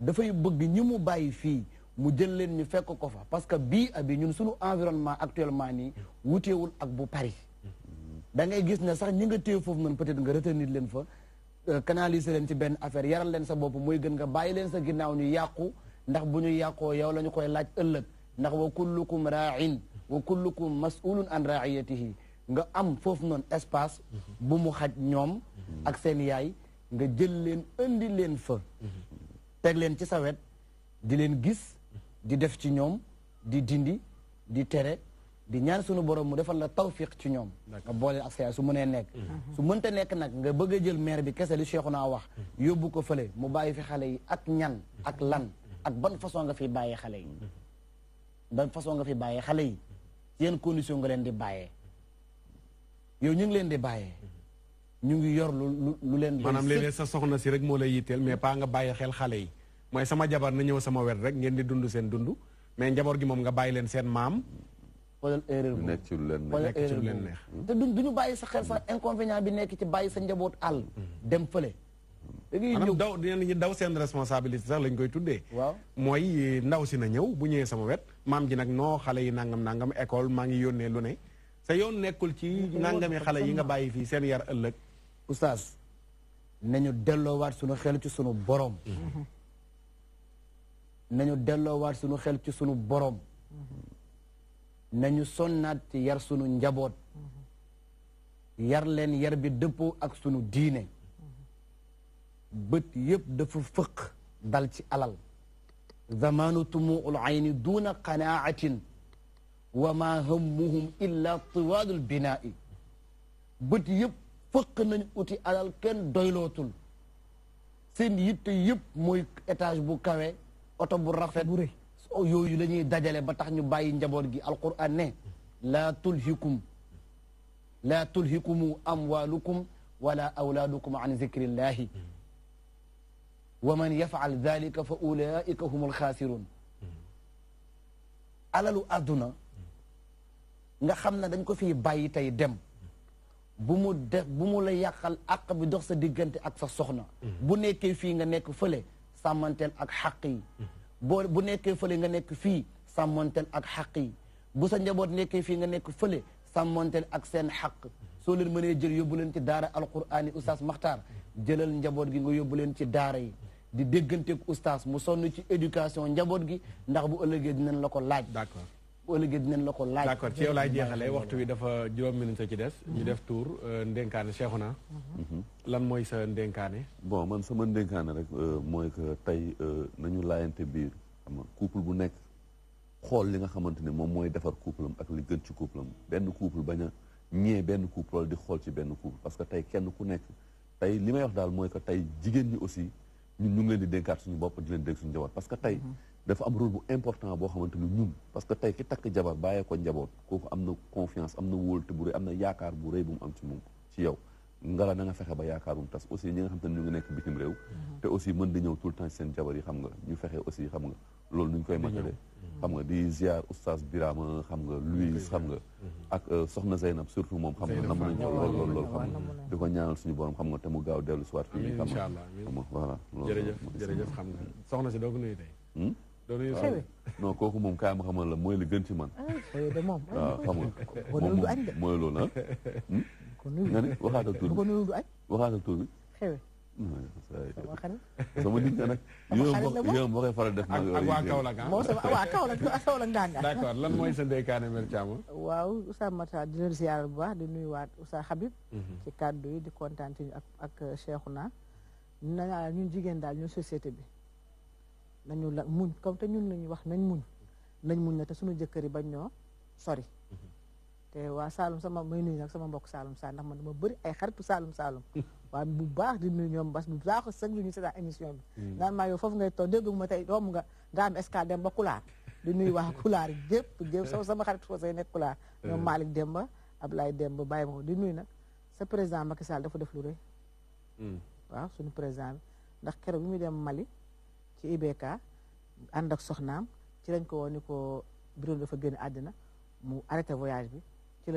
dafay bëgg ñi mu bàyyi fii mu jël leen ñu fekk ko fa parce que bii abi ñun sunu environnement actuellement nii wutewul ak bu Paris da ngay gis ne sax ñi nga téye foofu noonu peut-être nga retenir leen fa euh, canaliser leen ci benn affaire yaral leen sa bopp mooy gën nga bàyyi leen sa ginnaaw ñu yàqu ndax bu ñu yàqoo yow lañu koy laaj ëllëg ndax wa kullukum raain wa kullukum masulun an raiyatihi nga am foofu noonu espace bu mu xaj ñoom ak seen yaay nga jël leen indi leen fa teg leen ci sawet di leen gis di def ci ñoom di dindi di tere di ñaan sunu borom mu defal la tawfiq ci ñoom nga booleel ak sa su mënee nekk mhm. Mhm. su mënta nekk nag nga bëgg a jël maire bi kese li Cheikhu naa wax mhm. yóbbu ko fële mu bàyyi fi xale yi ak ñan ak lan ak ban façon nga fi bàyyi xale yi ban façon nga fi bàyyee xale yi yenn condition nga leen di bàyyee yow ñu ngi leen di bàyyee ñu ngi yor lu lu leen. maanaam léeg sa soxna si rek moo lay yitteel mais pas nga bàyyi xel xale yi mooy sama jabar na ñëw sama wet rek ngeen di dund seen dund mais njaboot gi moom nga bàyyi leen seen maam. xoolal nekk ci lu leen neex nekk neex. te duñ ñu bàyyi sa sa inconvénient bi nekk ci bàyyi sa njaboot àll. dem fële. dañuy ñëw daw daw seen responsabilité sax lañ koy tuddee. waaw mooy ndaw si na ñëw bu ñëwee sama wet maam ji nag noo xale yi nangam nangam école maa ngi yónnee lu ne. sa yoon nekkul ci nangami xale yi nga bàyyi fii seen yar ëllëg أستاذ نانيو دلوار سنو خلو تي سنو بروم نانيو دلوار سنو خلو تي سنو بروم نانيو سنات تي ير سنو نجابوت ير لين ير بي دبو اك سنو ديني بت يب دفو فق دالتي علال زمان تمو العين دون قناعة وما همهم إلا طوال البناء بت يب fëq nañ uti alal kenn doylootul seen yitte yëpp mooy étage bu kawe oto bu rafet bu rëy yooyu la ñuy dajale ba tax ñu bàyyi njaboot gi alquran ne laa tulhikum laa tulhikumu amwalukum wala awlaadukum an zikrillahi wa man yafaal dalika fa ulaika hum alxaasirun alalu àdduna nga xam ne dañ ko fiy bàyyi tey dem bu mu def bu mu la yàqal ak bi dox sa diggante ak sa soxna mm-hmm. bu nekkee fii nga nekk fële sàmmanteel ak xàq yi mm-hmm. bu nekkee fële nga nekk fii sàmmanteel ak xàq yi bu sa njaboot nekkee fii nga nekk fële sàmmanteel ak seen xàq mm-hmm. soo leen mënee jël yóbbu leen ci daara alquraan yi oustaz maxtaar jëlal njaboot gi nga yóbbu leen ci daara yi di dégganteeg oustaz mu sonn ci éducation njaboot gi ndax bu ëllëgee dinañ la ko laaj d'accord wala gën dinañ la ko laaj. d'accord ci yow waxtu wi dafa juróom minute ci des. ñu def tour euh, ndénkaane Cheikhouna mhm. lan mooy sa ndénkaane. bon man sama ndénkaane rek euh, mooy que tey euh, nañu laayante biir xam nga bu nekk xool li nga xamante ni moom mooy defar couple ak li gën ci couple am benn couple bañ a ñee benn couple wala di xool ci benn couple parce que tey kenn ku nekk tey li may wax daal mooy que tey jigéen ñi aussi. ñun ñu ngi leen di dénkaat suñu bopp di leen dénk suñu njaboot parce que tey dafa am rôle bu important boo xamante ni ñun parce que tey ki takk jabar bàyyee ko njaboot kooku am na confiance am na wóolute bu rëy am na yaakaar bu rëy bu mu am ci moom ci yow nga na nga fexe ba yaakaarum tas aussi ñi nga xam te ne ñu ngi nekk bitim réew mm-hmm. te aussi mën di ñëw tout le temps seen jabar yi xam nga ñu fexe aussi xam nga loolu nuñ koy màggalee xam nga di ziar oustaz Birama xam nga Louis xam nga ak euh, soxna Zeynab surtout moom xam nga nam nañ ko lool lool lool xam nga di ko ñaanal suñu borom xam nga te mu gaaw dellu siwaat fii xam nga voilà jërëjëf jërëjëf xam nga soxna si doo ko nuyu hmm? ah. kooku moom kaay ma xamal la mooy li gën ci man ah, waaw ah, xam nga moom mooy loolu ah hmm? nga ni waxaatal tur bi waxaatal tur bi sama xarit sama nit nga nag. yow moo koy faral def. ak waa Kaolack ah. moo sama waa lan mooy sa dénkaane Mère waaw Oustaz Matar di leen ziar bu baax di nuyuwaat Oustaz Habib. Mhm. ci kàddu yi di kontaan ci ak seexu Cheikhouna. na ñun jigéen daal ñun société bi nañu la muñ comme te ñun lañu wax nañ muñ nañ muñ na te suñu jëkkër yi bañ noo sori mhm. te waa Saalum sama may nuyu nag sama mbokk Saalum Saalum ndax man dama bari ay xaritu Saalum Saalum (laughs) waaw bu baax di nuyu ñoom bas bu baax sëg lu ñu seetaan émission bi mm. naan maa yow foofu ngay toog dégg ma tey romb nga nga am escale dem ba kulaar di nuy waa kulaar gépp gépp sama sama xarit foo say nekk kulaar mm. ñoom Malick Demba dem Demba bàyyi ma di nuyu nag sa président Macky Sall dafa def lu rëy mm. waaw suñu président bi ndax keroog bi muy dem Mali ci IBK ànd ak soxnaam ci lañ ko woo ni ko bureau dafa génn àddina mu arrêté voyage bi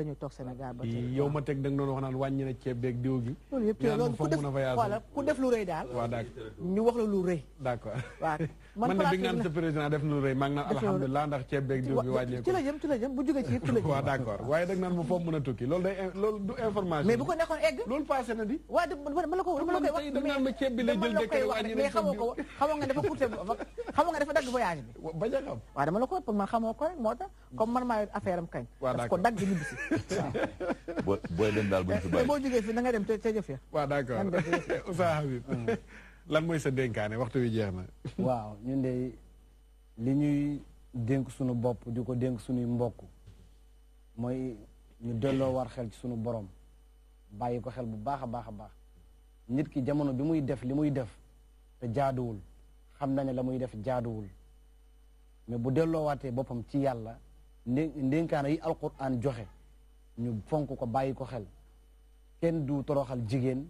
ci toog Sénégal ba tey yow ma teg da nga wax naan wàññi na ceeb beeg diw gi loolu yëpp loolu ku def voilà ku def lu rëy daal waaw (laughs) naan sa ndax ceeb beeg diw gi wàññeeku ci ci la jëm bu jógee ci yëpp ci la (laughs) waaye dag naan ma foofu mën a tukki loolu day information mais bu ko nekkoon egg loolu passé na di waaw la ko wax mais xamoo ko xamoo nga dafa courte xam nga dafa dagg voyage bi. bañ a xam waaw dama la ko xamoo ko rek moo tax comme man maay affaire am kañ. waaw daf ko dagg (laughs) boo booy dem daal boo jógee fii na nga dem ca ca jëf ya. waaw d'accord (laughs) Oustaz Habib hmm. lan mooy sa dénkaane waxtu wi jeex na. (laughs) waaw ñun de li ñuy dénk sunu bopp di ko dénk suñuy mbokk mooy ñu delloo war xel ci suñu borom bàyyi ko xel bu baax a baax a baax nit ki jamono bi muy def li muy def te jaaduwul. xam na ne la muy def jaaduwul mais bu delloowaatee boppam ci yàlla ndé ndénkaana yi alquran joxe ñu fonk ko bàyyi ko xel kenn du toroxal jigéen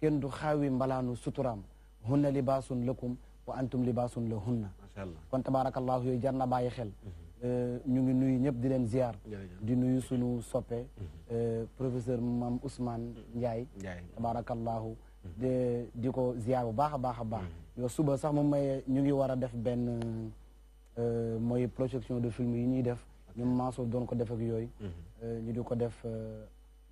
kenn du xaawi mbalaanu suturaam hunna libasun lakum wa antum libasun la hunna kon tabaarakallahu yooyu jar na bàyyi xel ñu ngi nuyu ñëpp di leen ziar di nuyu sunu soppe professeur mam Ousmane Ndiaye tabaarakallahu di ko ziar bu baax a baax a baax yow suba sax moom may ñu ngi war a def benn mooy projection de film yi ñuy def ñoom Mansour doon ko def ak yooyu ñu di ko def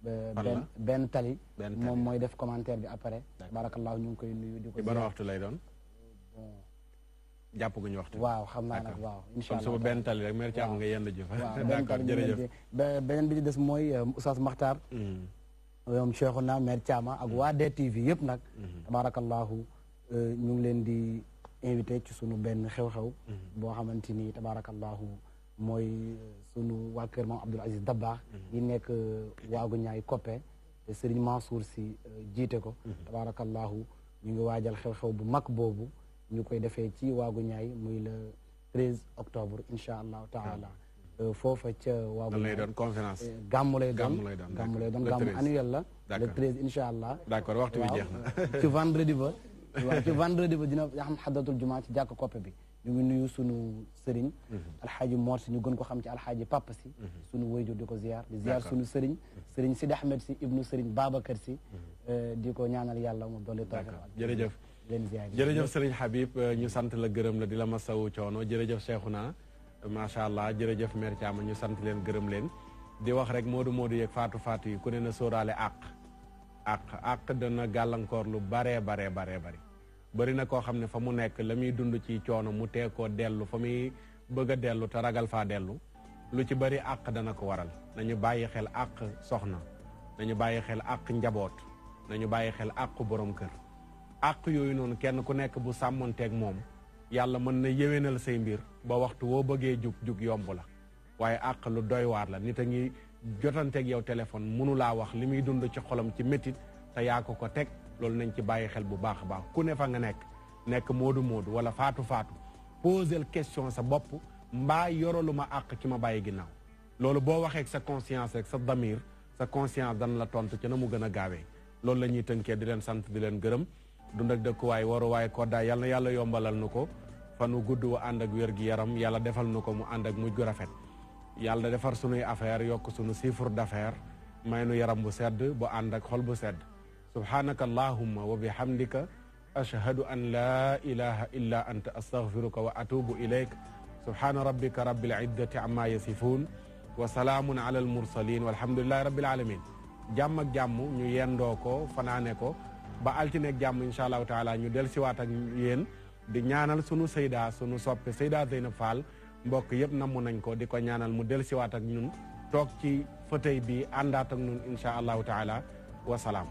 benn benn tali moom mooy def commentaire bi après barakallahu ñu ngi koy nuyu di ko ban waxtu lay doon jàpp gu ñu waxtu waaw xam naa nag waaw incha allah suba benn tali rek mère Thiam nga yenn jëf d'accord jërëjëf beneen bi ci des mooy Oustaz Makhtar moom Cheikhouna mère Thiama ak waa DTV yëpp nag tabarakallahu Euh, ñu ngi leen di invité ci sunu benn xew-xew mhm. boo xamante ni tabaarakallaahu mooy euh, sunu waa kër moom Abdoul Aziz Dabakh mhm. yi nekk euh, waagu ñaay koppe te Serigne Mansour si jiite ko mhm. tabaarakallaahu ñu ngi waajal xew-xew bu mag boobu ñu koy defee ci waagu ñaay muy le 13 octobre incha allahu taala foofa ca waagu lay doon conférence gàmmu lay doon gàmmu lay doon gàmmu annuel la le 13 incha allah d'accord waxtu bi jeex na (laughs) waaw ci vendredi ba dina xam xadatul jumaa ci jàkk koppe bi ñu ngi nuyu sunu sëriñ mhm. alxaaji Mor si ñu gën ko xam ci alxaaji papp si mhm. sunu wayjur di ko ziar di ziar sunu sëriñ mhm. sëriñ Sidi Ahmed si ibnu sëriñ Babacar si eh, di ko ñaanal yàlla mu dolli tooke jërëjëf jërëjëf sëriñ Habib eh, ñu sant la gërëm la di la masawu coono jërëjëf Cheikhouna macha allah jërëjëf Mère Thiam ñu sant leen gërëm leen di wax rek moodu moodu yeeg faatu faatu yi ku ne na sóoraale àq àq àq dana gàllankoor lu baree baree baree bari bëri na koo xam ne fa mu nekk la muy dund ci coono mu tee koo dellu fa muy bëgg a dellu te ragal faa dellu lu ci bëri àq dana ko waral nañu bàyyi xel àq soxna nañu bàyyi xel àq njaboot nañu bàyyi xel àq borom kër àq yooyu noonu kenn ku nekk bu sàmmonteeg moom yàlla mën na yéwénal say mbir ba waxtu woo bëggee jug jug yomb la waaye àq lu doy waar la nit a ngi jotanteeg yow téléphone mënu laa wax li muy dund ci xolam ci métit te yaa ko ko teg loolu nañ ci bàyyi xel bu baax a baax ku ne fa nga nekk nekk moodu moodu wala faatu faatu posel question sa bopp mbaa yoralu ma àq ki ma bàyyi ginnaaw loolu boo waxee sa conscience rek sa damir sa conscience dan la tontu ci na mu gën a gaawee loolu la ñuy tënkee di leen sant di leen gërëm dund ak dëkkuwaay waruwaay koddaay yal na yàlla yombalal na ko fanu gudd wa ànd ak wér yaram yàlla defal nu ko mu ànd ak mujj gu rafet yàlla defar sunuy affaire yok sunu sifur d'affaire maynu yaram bu sedd bu ànd ak xol bu sedd subhanaka allahumma wa bihamdika ashhadu an la ilaha illa anta astaghfiruka wa atubu ilaik subhana rabbika rabbil iddati amma yasifun wa salamun ala al mursalin walhamdulillahi rabbil alamin jam ak jam ñu yendo ko fanane ko ba altine ak jam inshallah taala ñu delsi wat ak yéen di ñaanal sunu sayda sunu soppe sayda zainab Fall mbokk yëpp namm nañ ko di ko ñaanal mu dellusiwaat ak ñun toog ci fauteuil bi àndaat ak ñun incha allahu taala wa salaam.